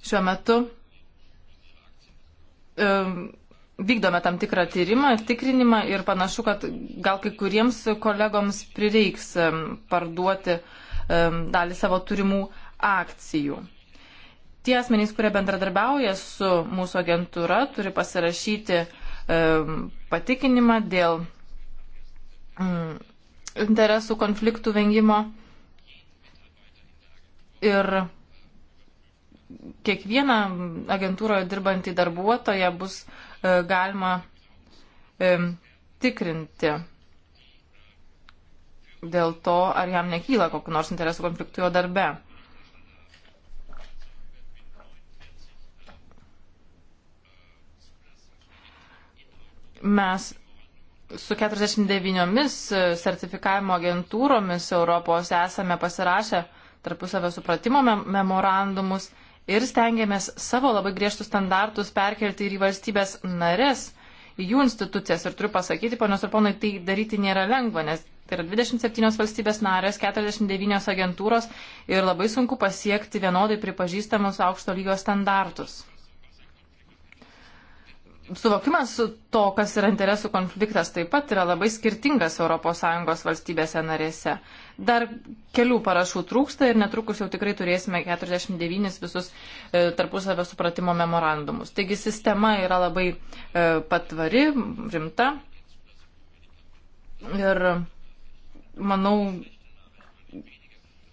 Šiuo metu um, vykdome tam tikrą tyrimą, tikrinimą ir panašu, kad gal kai kuriems kolegoms prireiks parduoti um, dalį savo turimų akcijų tie asmenys, kurie bendradarbiauja su mūsų agentūra, turi pasirašyti e, patikinimą dėl mm, interesų konfliktų vengimo. Ir kiekvieną agentūroje dirbantį darbuotoją bus e, galima e, tikrinti dėl to, ar jam nekyla kokiu nors interesų konfliktu jo darbe. mes su 49 e, sertifikavimo agentūromis Europos esame pasirašę tarpusavio supratimo memorandumus ir stengiamės savo labai griežtus standartus perkelti ir į valstybės narės, į jų institucijas. Ir turiu pasakyti, ponios ir ponai, tai daryti nėra lengva, nes tai yra 27 valstybės narės, 49 agentūros ir labai sunku pasiekti vienodai pripažįstamus aukšto lygio standartus suvokimas to, kas yra interesų konfliktas, taip pat yra labai skirtingas ES valstybėse narėse. Dar kelių parašų trūksta ir netrukus jau tikrai turėsime 49 visus e, tarpusavio supratimo memorandumus. Taigi sistema yra labai e, patvari, rimta ir manau,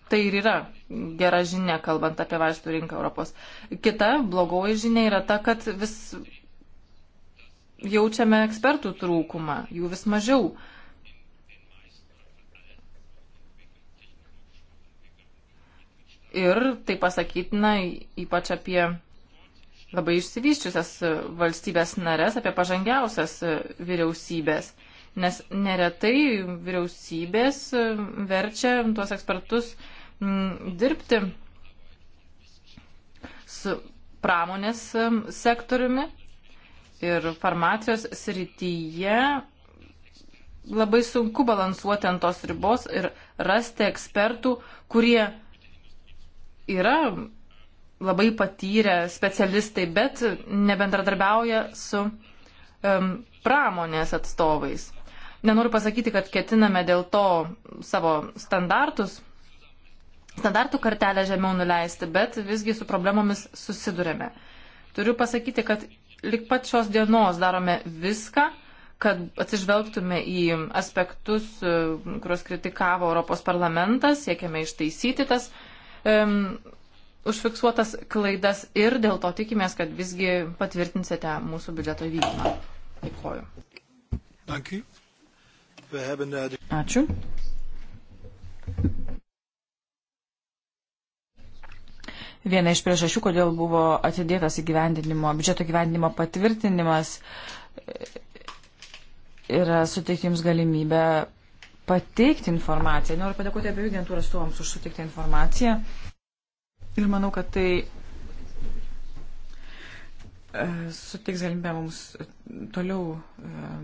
tai ir yra gera žinia, kalbant apie vaistų rinką Europos. Kita blogoji žinia yra ta, kad vis jaučiame ekspertų trūkumą, jų vis mažiau. Ir tai pasakytina ypač apie labai išsivyščiusias valstybės narės, apie pažangiausias vyriausybės. Nes neretai vyriausybės verčia tuos ekspertus mm, dirbti su pramonės mm, sektoriumi ir farmacijos srityje labai sunku balansuoti ant tos ribos ir rasti ekspertų, kurie yra labai patyrę specialistai, bet nebendradarbiauja su um, pramonės atstovais. Nenoriu pasakyti, kad ketiname dėl to savo standartus, standartų kartelę žemiau nuleisti, bet visgi su problemomis susidurėme. Turiu pasakyti, kad lik pat šios dienos darome viską, kad atsižvelgtume į aspektus, e, kuriuos kritikavo Europos parlamentas, siekiame ištaisyti tas um, užfiksuotas klaidas ir dėl to tikimės, kad visgi patvirtinsite mūsų biudžeto vykdymą. Dėkoju. Ačiū. viena iš priežasčių, kodėl buvo atidėtas įgyvendinimo, biudžeto įgyvendinimo patvirtinimas, yra suteikti jums galimybę pateikti informaciją. Noriu padėkoti abiejų agentūrų atstovams už suteiktą informaciją. Ir manau, kad tai e, suteiks galimybę mums toliau e,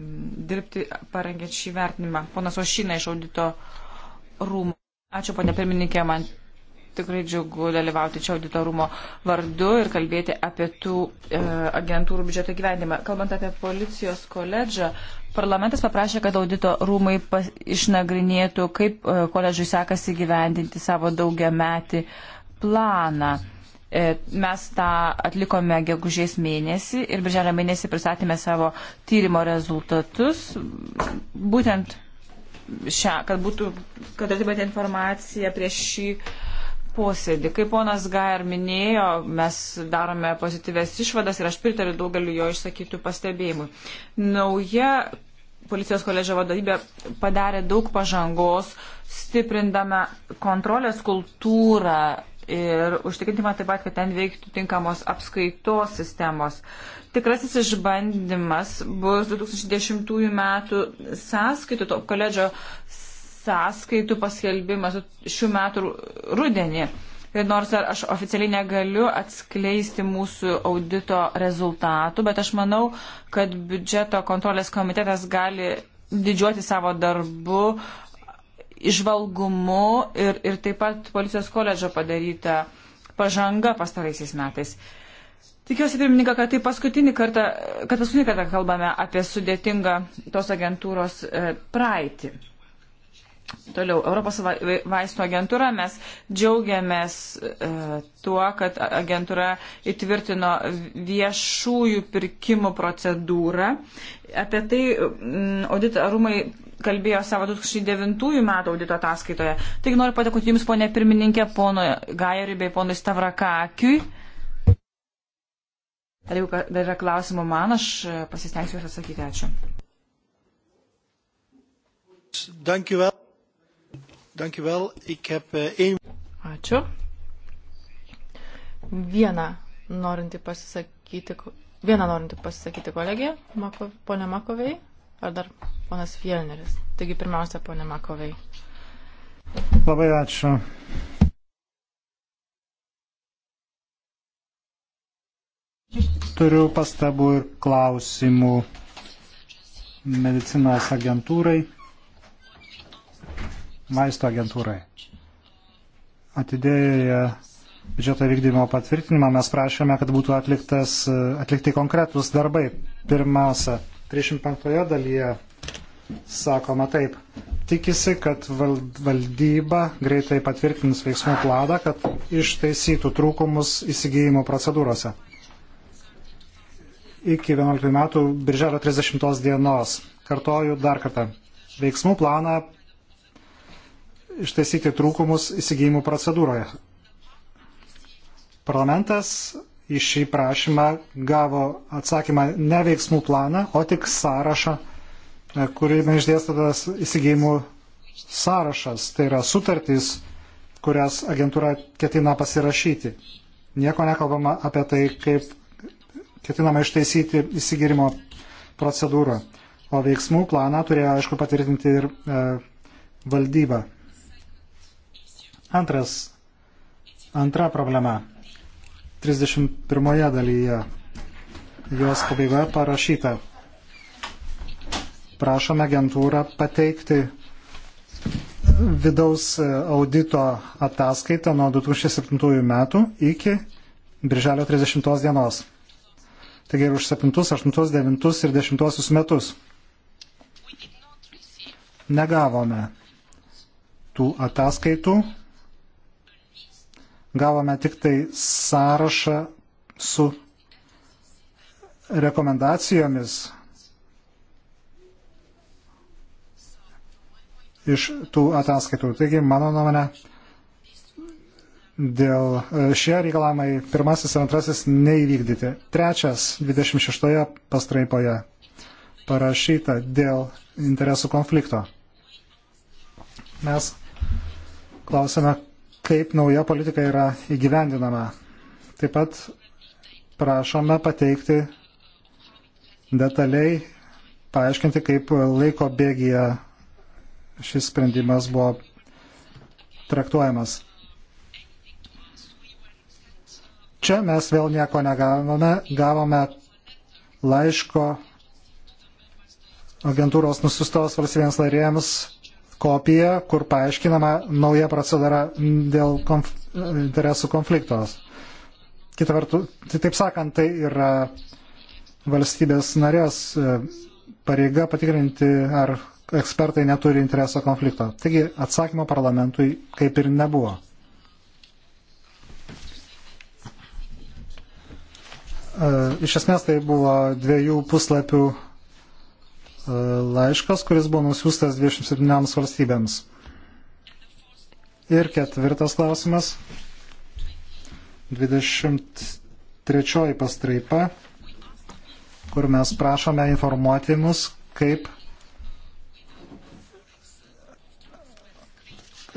dirbti, parengiant šį vertinimą. Ponas Ošina iš audito rūmų. Ačiū, ponė pirmininkė, man tikrai džiugu dalyvauti čia auditorumo vardu ir kalbėti apie tų e, agentūrų biudžeto gyvenimą. Kalbant apie policijos koledžą, parlamentas paprašė, kad audito rūmai pas, išnagrinėtų, kaip e, koledžui sekasi gyvendinti savo daugiametį planą. E, mes tą atlikome gegužės mėnesį ir birželio mėnesį pristatėme savo tyrimo rezultatus. Būtent šią, kad būtų, kad atibėtė informacija prieš šį posėdį. Kaip ponas Gair minėjo, mes darome pozityves išvadas ir aš pritariu daugeliu jo išsakytų pastebėjimų. Nauja policijos koledžio vadovybė padarė daug pažangos, stiprindama kontrolės kultūrą ir užtikrintimą taip pat, kad ten veiktų tinkamos apskaitos sistemos. Tikrasis išbandymas bus 2010 metų sąskaitų, to koledžio sąskaitų paskelbimas šių metų rudenį. Ir nors aš oficialiai negaliu atskleisti mūsų audito rezultatų, bet aš manau, kad biudžeto kontrolės komitetas gali didžiuoti savo darbu, išvalgumu ir, ir taip pat policijos koledžo padaryta pažanga pastaraisiais metais. Tikiuosi, pirmininką, kad tai paskutinį kartą, kad paskutinį kartą kalbame apie sudėtingą tos agentūros e, praeitį. Toliau, Europos vaistų agentūra, mes džiaugiamės e, tuo, kad agentūra įtvirtino viešųjų pirkimų procedūrą. Apie tai auditorumai kalbėjo savo 2009 metų audito ataskaitoje. Taigi noriu padėkoti Jums, ponė pirmininkė, pono Gajeriui bei ponui Stavrakakiui. Ar jau dar yra klausimų man, aš e, pasistengsiu juos atsakyti. Ačiū. Dankjewel. Dank u wel. Ik heb eh, één. Ačiū. Vieną norinti pasisakyti, vieną norinti pasisakyti kolegiją, Mako, ponė Makovei, ar dar ponas Fielneris. Taigi pirmiausia, ponė Makovei. Labai ačiū. Turiu pastabų ir klausimų medicinos agentūrai maisto agentūrai. Atidėję biudžeto vykdymo patvirtinimą mes prašėme, kad būtų atliktas, atlikti konkretus darbai. Pirmiausia, 35 dalyje sakoma taip. Tikisi, kad valdyba greitai patvirtins veiksmų planą, kad ištaisytų trūkumus įsigijimo procedūrose. Iki 11 metų birželio 30 dienos. Kartoju dar kartą. Veiksmų planą ištaisyti trūkumus įsigijimų procedūroje. Parlamentas į šį prašymą gavo atsakymą ne veiksmų planą, o tik sąrašą, e, kuriame išdėstytas įsigijimų sąrašas, tai yra sutartys, kurias agentūra ketina pasirašyti. Nieko nekalbama apie tai, kaip ketinama ištaisyti įsigirimo procedūrą. O veiksmų planą turėjo, aišku, patvirtinti ir e, valdyba. Antras, antra problema. 31 dalyje jos pabaigoje parašyta. Prašome agentūrą pateikti vidaus e, audito ataskaitą nuo 2007 metų iki birželio 30 dienos. Taigi ir už 7, 8, 9 ir 10 metus negavome tų ataskaitų Gavome tik tai sąrašą su rekomendacijomis iš tų ataskaitų. Taigi, mano nuomonė, dėl e, šie reikalavimai pirmasis ir antrasis neįvykdyti. Trečias, 26 pastraipoje parašyta dėl interesų konflikto. Mes klausime, kaip nauja politika yra įgyvendinama. Taip pat prašome pateikti detaliai, paaiškinti, kaip laiko bėgyje šis sprendimas buvo traktuojamas. Čia mes vėl nieko negavome, gavome laiško agentūros nusistos valstybėms narėms kopiją, kur paaiškinama nauja procedūra dėl konf interesų konfliktos. Kita vertus, tai taip sakant, tai yra valstybės narės e, pareiga patikrinti, ar ekspertai neturi intereso konflikto. Taigi atsakymo parlamentui kaip ir nebuvo. E, iš esmės tai buvo dviejų puslapių E, laiškas, kuris buvo nusiųstas 27 valstybėms. Ir ketvirtas klausimas. 23 pastraipa, kur mes prašome informuoti mus, kaip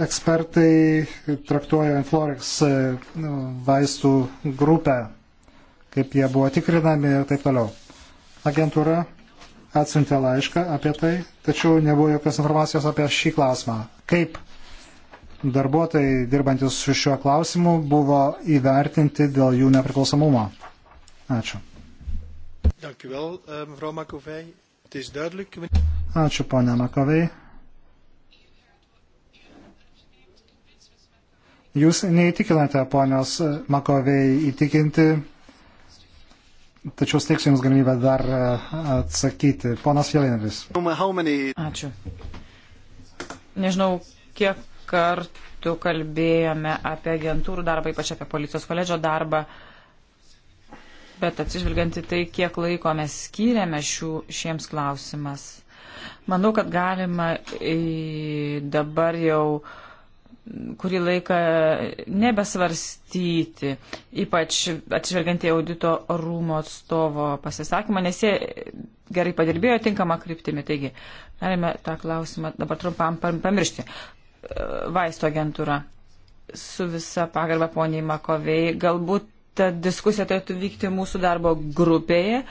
ekspertai traktuoja Inflorex e, vaistų grupę, kaip jie buvo tikrinami ir taip toliau. Agentūra atsintė laišką apie tai, tačiau nebuvo jokios informacijos apie šį klausimą. Kaip darbuotojai dirbantis su šiuo klausimu buvo įvertinti dėl jų nepriklausomumo? Ačiū. Ehm, Ačiū, ponia Makovei. Jūs neįtikinate ponios Makovei įtikinti tačiau steiksiu Jums galimybę dar e, atsakyti. Ponas Jelineris. Ačiū. Nežinau, kiek kartų kalbėjome apie agentūrų darbą, ypač apie policijos koledžio darbą, bet atsižvelgiant į tai, kiek laiko mes skyrėme šių, šiems klausimas. Manau, kad galima dabar jau uh, kurį laiką nebesvarstyti, ypač atsižvelgiant į audito rūmo atstovo pasisakymą, nes jie gerai padirbėjo tinkamą kryptimį. Taigi, norime tą klausimą dabar trumpam pamiršti. Vaisto agentūra su visa pagarba poniai Makovei, galbūt ta diskusija turėtų vykti mūsų darbo grupėje,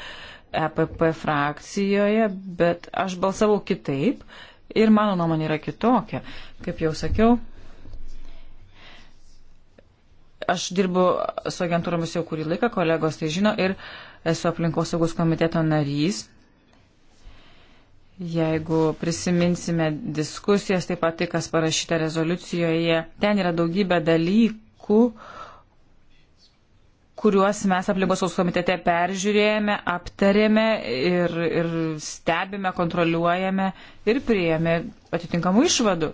EPP frakcijoje, bet aš balsavau kitaip ir mano nuomonė yra kitokia. Kaip jau sakiau, Aš dirbu su agentūromis jau kurį laiką, kolegos tai žino, ir esu aplinkosaugos komiteto narys. Jeigu prisiminsime diskusijas, taip pat tai, kas parašyta rezoliucijoje, ten yra daugybė dalykų, kuriuos mes aplinkosaugos komitete peržiūrėjome, aptarėme ir, ir stebime, kontroliuojame ir prieėmė atitinkamų išvadų.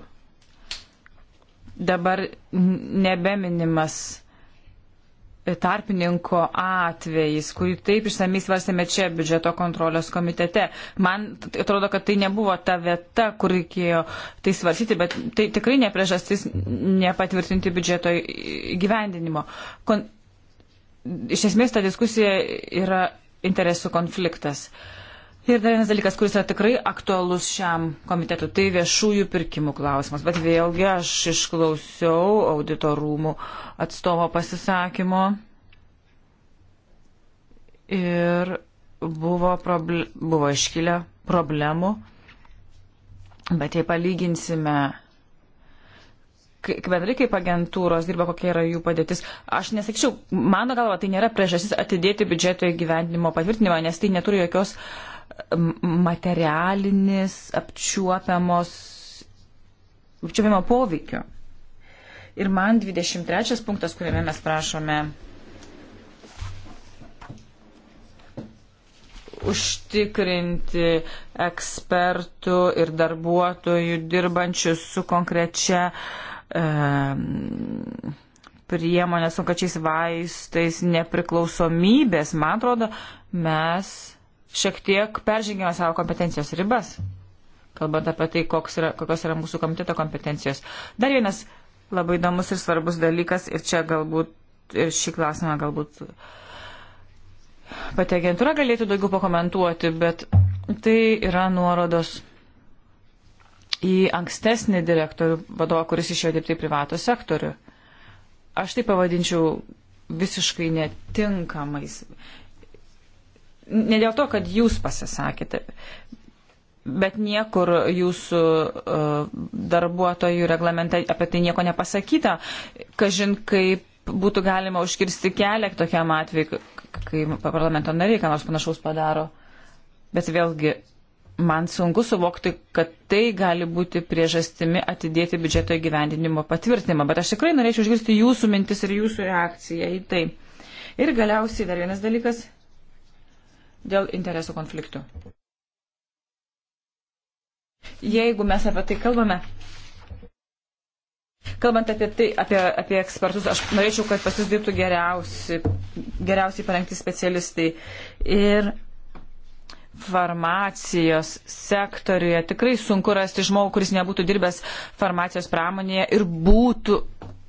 Dabar nebeminimas tarpininko atvejais, kurį taip išsamei svarstėme čia biudžeto kontrolės komitete. Man atrodo, kad tai nebuvo ta vieta, kur reikėjo tai svarstyti, bet tai tikrai nepriežastis nepatvirtinti biudžeto gyvendinimo. Kon... Iš esmės ta diskusija yra interesų konfliktas. Uh, Ir dar vienas dalykas, kuris yra tikrai aktualus šiam komitetui, tai viešųjų pirkimų klausimas. Bet vėlgi aš išklausiau auditorumų atstovo pasisakymo ir buvo, proble buvo iškilę problemų. Bet jei palyginsime, kaip bendrai kaip agentūros dirba, kokia yra jų padėtis, aš nesakyčiau, mano galva, tai nėra priežastis atidėti biudžeto įgyvendinimo patvirtinimą, nes tai neturi jokios uh, materialinis apčiuopiamos, apčiuopiamo poveikio. Ir man 23 punktas, kuriame mes prašome užtikrinti ekspertų ir darbuotojų dirbančių su konkrečia e, priemonė, su konkrečiais vaistais nepriklausomybės. Man atrodo, mes šiek tiek peržengėme savo kompetencijos ribas, kalbant apie tai, yra, kokios yra mūsų komiteto kompetencijos. Dar vienas labai įdomus ir svarbus dalykas, ir čia galbūt, ir šį klausimą galbūt pati agentūra galėtų daugiau pakomentuoti, bet tai yra nuorodos į ankstesnį direktorių vadovą, kuris išėjo dirbti į privatų sektorių. Aš tai pavadinčiau visiškai netinkamais ne dėl to, kad jūs pasisakėte, bet niekur jūsų uh, darbuotojų reglamente apie tai nieko nepasakyta. Kažin, kaip būtų galima užkirsti kelią tokiam atveju, kai parlamento nariai ką nors panašaus padaro. Bet vėlgi, man sunku suvokti, kad tai gali būti priežastimi atidėti biudžeto įgyvendinimo patvirtinimą. Bet aš tikrai norėčiau išgirsti jūsų mintis ir jūsų reakciją į tai. Ir galiausiai dar vienas dalykas dėl interesų konfliktų. Jeigu mes apie tai kalbame, kalbant apie tai, apie, apie ekspertus, aš norėčiau, kad pas jūs dirbtų geriausi, geriausiai parengti specialistai. Ir farmacijos sektoriuje tikrai sunku rasti žmogų, kuris nebūtų dirbęs farmacijos pramonėje ir būtų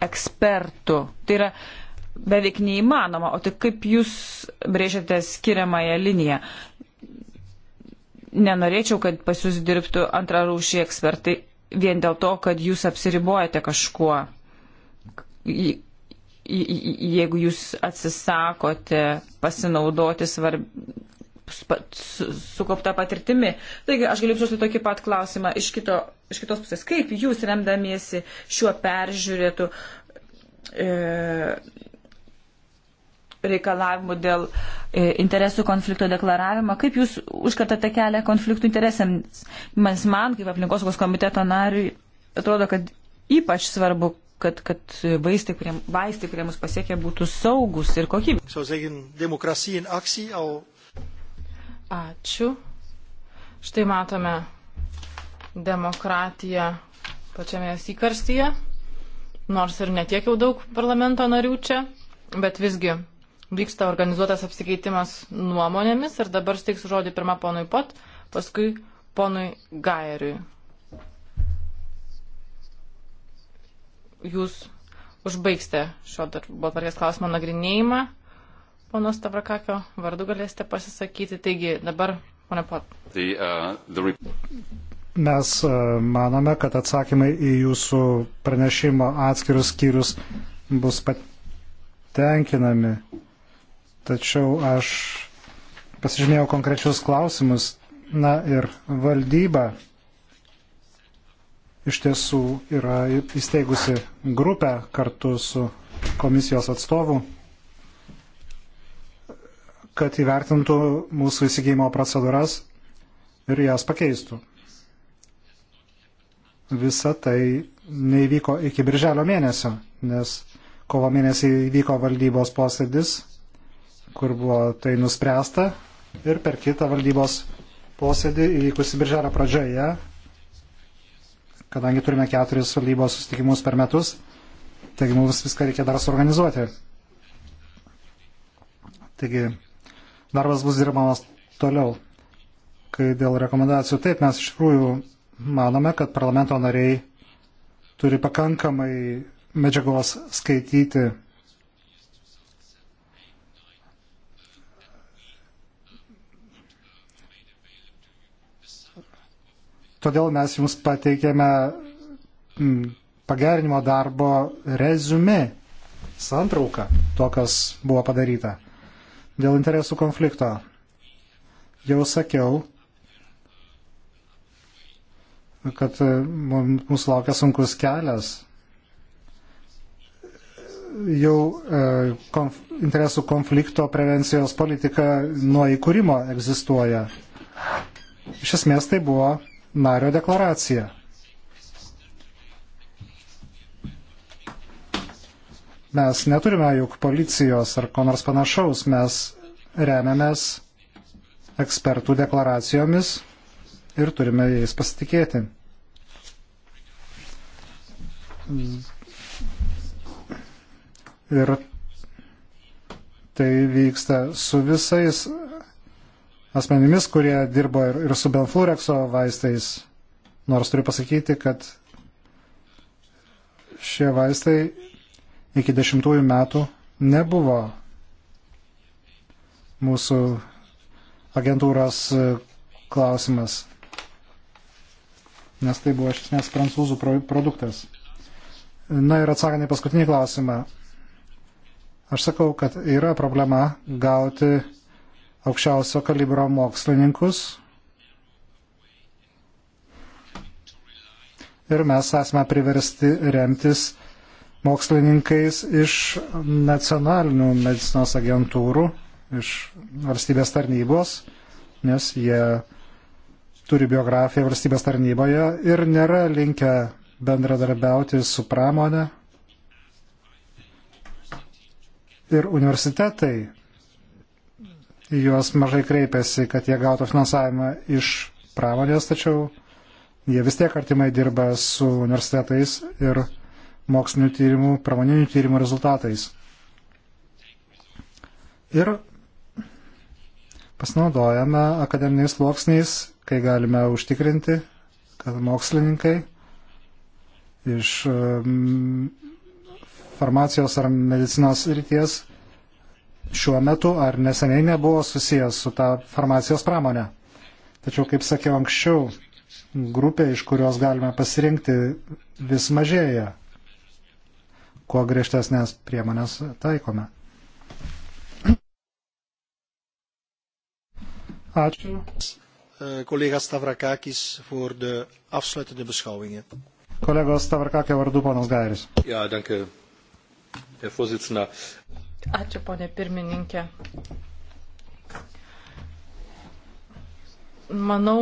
ekspertų. Tai yra beveik neįmanoma. O tai kaip jūs brėžiate skiriamąją liniją? Nenorėčiau, kad pas jūs dirbtų antrarūšiai ekspertai vien dėl to, kad jūs apsiribojate kažkuo. Jeigu jūs atsisakote pasinaudoti svarb, sukaupta patirtimi. Taigi aš galiu užduoti tokį pat klausimą iš, kito, iš kitos pusės. Kaip jūs remdamiesi šiuo peržiūrėtų e, reikalavimų dėl e, interesų konflikto deklaravimo. Kaip jūs užkartate kelią konfliktų interesams? Mes man, kaip aplinkosaugos komiteto nariui, atrodo, kad ypač svarbu, kad, kad vaistai, kurie, vaistai, kurie mus pasiekia, būtų saugus ir kokybiniai. Ačiū. Štai matome demokratiją pačiame įkarstyje, nors ir netiek jau daug parlamento narių čia, bet visgi vyksta organizuotas apsikeitimas nuomonėmis ir dabar steiksiu žodį pirmą ponui Pot, paskui ponui Gaeriui. Jūs užbaigsite šio darbo tvarkės klausimo nagrinėjimą. Pono Stavrakakio vardu galėsite pasisakyti. Taigi dabar, pone Pot. The, uh, the... Mes uh, manome, kad atsakymai į jūsų pranešimo atskirius skyrius bus patenkinami. Uh, tačiau aš pasižymėjau konkrečius klausimus. Na ir valdyba iš tiesų yra įsteigusi grupę kartu su komisijos atstovu, kad įvertintų mūsų įsigymo procedūras ir jas pakeistų. Visa tai neįvyko iki birželio mėnesio, nes kovo mėnesį įvyko valdybos posėdis kur buvo tai nuspręsta. Ir per kitą valdybos posėdį įvykusi birželio pradžioje, kadangi turime keturis valdybos susitikimus per metus, taigi mums viską reikia dar suorganizuoti. Taigi darbas bus dirbamas toliau. Kai dėl rekomendacijų, taip mes iš tikrųjų manome, kad parlamento nariai turi pakankamai medžiagos skaityti Todėl mes jums pateikėme mm, pagerinimo darbo rezumė, santrauką to, kas buvo padaryta. Dėl interesų konflikto jau sakiau, kad e, mūsų laukia sunkus kelias. Jau e, konf, interesų konflikto prevencijos politika nuo įkūrimo egzistuoja. Iš esmės tai buvo nario deklaraciją. Mes neturime juk policijos ar ko nors panašaus, mes remiamės ekspertų deklaracijomis ir turime jais pasitikėti. Ir tai vyksta su visais asmenimis, kurie dirbo ir, ir su Benflurekso vaistais. Nors turiu pasakyti, kad šie vaistai iki dešimtųjų metų nebuvo mūsų agentūros e, klausimas, nes tai buvo iš esmės prancūzų produktas. Na ir atsakant į paskutinį klausimą, aš sakau, kad yra problema gauti aukščiausio kalibro mokslininkus. Ir mes esame priversti remtis mokslininkais iš nacionalinių medicinos agentūrų, iš valstybės tarnybos, nes jie turi biografiją valstybės tarnyboje ir nėra linkę bendradarbiauti su pramonė. Ir universitetai juos mažai kreipiasi, kad jie gautų finansavimą iš pramonės, tačiau jie vis tiek artimai dirba su universitetais ir mokslinių tyrimų, pramoninių tyrimų rezultatais. Ir pasinaudojame akademiniais sluoksniais, kai galime užtikrinti, kad mokslininkai iš mm, farmacijos ar medicinos ryties šiuo metu ar neseniai nebuvo susijęs su ta farmacijos pramonė. Tačiau, kaip sakiau anksčiau, grupė, iš kurios galime pasirinkti, vis mažėja, kuo griežtesnės priemonės taikome. Ačiū. Eh, Kolega Stavrakakis voor de afsluitende beschouwingen. Kolegos Stavrakakio vardu, ponas Gairis. Ja, danke, Herr Vorsitzender. Ačiū, ponė pirmininkė. Manau,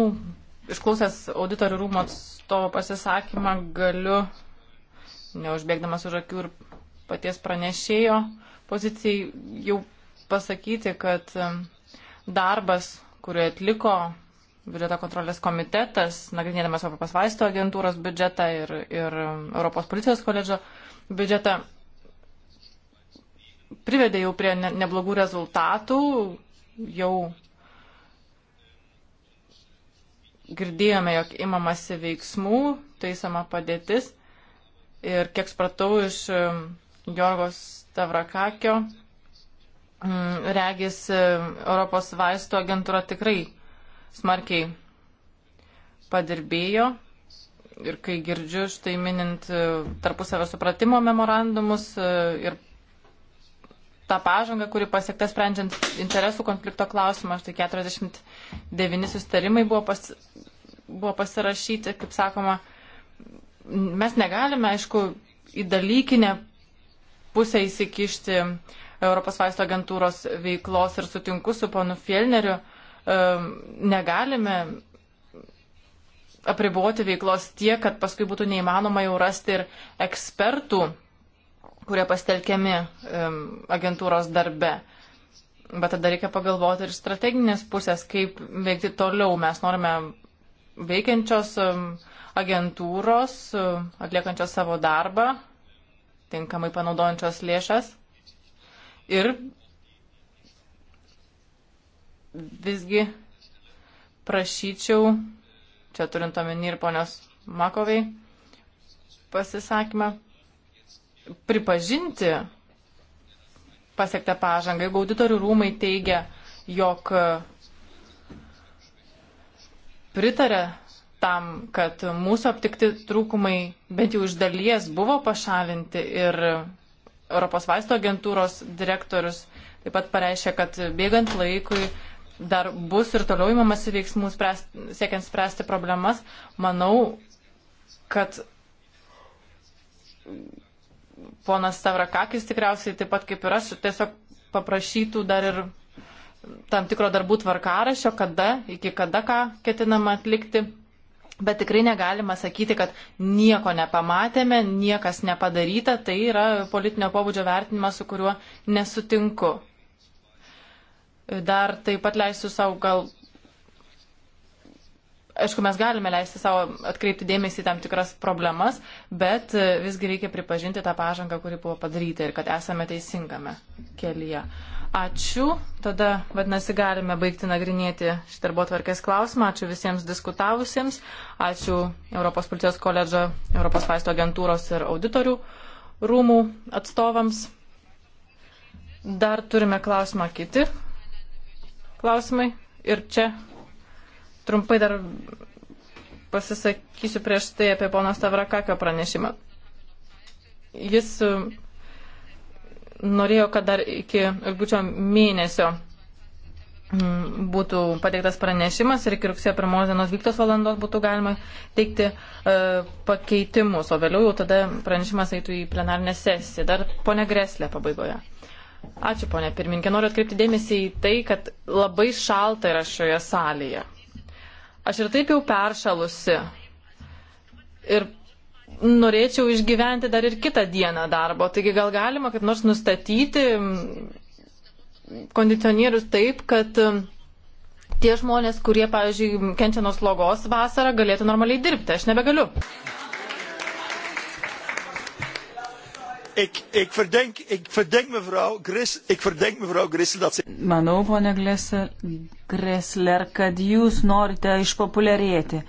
išklausęs auditorių rūmų atstovo pasisakymą, galiu, neužbėgdamas už akių ir paties pranešėjo pozicijai, jau pasakyti, kad um, darbas, kurį atliko biudžeto kontrolės komitetas, nagrinėdamas Europos vaisto agentūros biudžetą ir, ir um, Europos policijos koledžo biudžetą, privedė jau prie ne, neblogų rezultatų, jau girdėjome, jog imamasi veiksmų, taisama padėtis. Ir kiek spratau iš um, Jorgos Tavrakakio, mm, regis um, Europos vaisto agentūra tikrai smarkiai padirbėjo. Ir kai girdžiu štai minint uh, tarpusavio supratimo memorandumus uh, ir tą pažangą, kuri pasiekta sprendžiant interesų konflikto klausimą. Štai 49 sustarimai buvo, pas, buvo pasirašyti, kaip sakoma, mes negalime, aišku, į dalykinę pusę įsikišti Europos vaisto agentūros veiklos ir sutinku su ponu Fielneriu, negalime apriboti veiklos tiek, kad paskui būtų neįmanoma jau rasti ir ekspertų kurie pastelkiami agentūros darbe. Bet tada reikia pagalvoti ir strateginės pusės, kaip veikti toliau. Mes norime veikiančios agentūros, atliekančios savo darbą, tinkamai panaudojančios lėšas. Ir visgi prašyčiau, čia turint omeny ir ponios Makovai pasisakymą, pripažinti pasiektą pažangą. Jeigu auditorių rūmai teigia, jog pritarė tam, kad mūsų aptikti trūkumai bent jau iš dalies buvo pašalinti ir Europos vaisto agentūros direktorius taip pat pareiškė, kad bėgant laikui dar bus ir toliau įmamasi veiksmų spręst, siekiant spręsti problemas. Manau, kad ponas Stavrakakis tikriausiai taip pat kaip ir aš tiesiog paprašytų dar ir tam tikro darbų tvarkarašio, kada, iki kada ką ketinama atlikti. Bet tikrai negalima sakyti, kad nieko nepamatėme, niekas nepadaryta, tai yra politinio pobūdžio vertinimas, su kuriuo nesutinku. Dar taip pat leisiu savo gal Aišku, mes galime leisti savo atkreipti dėmesį į tam tikras problemas, bet e, visgi reikia pripažinti tą pažangą, kuri buvo padaryta ir kad esame teisingame kelyje. Ačiū. Tada, vadinasi, galime baigti nagrinėti šitą darbo tvarkės klausimą. Ačiū visiems diskutavusiems. Ačiū Europos policijos koledžo, Europos vaisto agentūros ir auditorių rūmų atstovams. Dar turime klausimą kiti. Klausimai. Ir čia Trumpai dar pasisakysiu prieš tai apie pono Stavrakakio pranešimą. Jis e, norėjo, kad dar iki rūpiučio mėnesio būtų pateiktas pranešimas ir iki rugsėjo pirmos dienos 12 valandos būtų galima teikti e, pakeitimus, o vėliau jau tada pranešimas eitų į plenarinę sesiją. Dar ponė Greslė pabaigoje. Ačiū ponė pirmininkė. Noriu atkreipti dėmesį į tai, kad labai šalta yra šioje salėje. Aš ir taip jau peršalusi. Ir norėčiau išgyventi dar ir kitą dieną darbo. Taigi gal galima kaip nors nustatyti kondicionierius taip, kad um, tie žmonės, kurie, pavyzdžiui, kenčia nuo slogos vasarą, galėtų normaliai dirbti. Aš nebegaliu. Ik, ik, verdenk, ik verdenk mevrouw Gris, ik verdenk mevrouw Gris dat ze... Manau, ponia Gresler, kad jūs norite išpopuliarėti.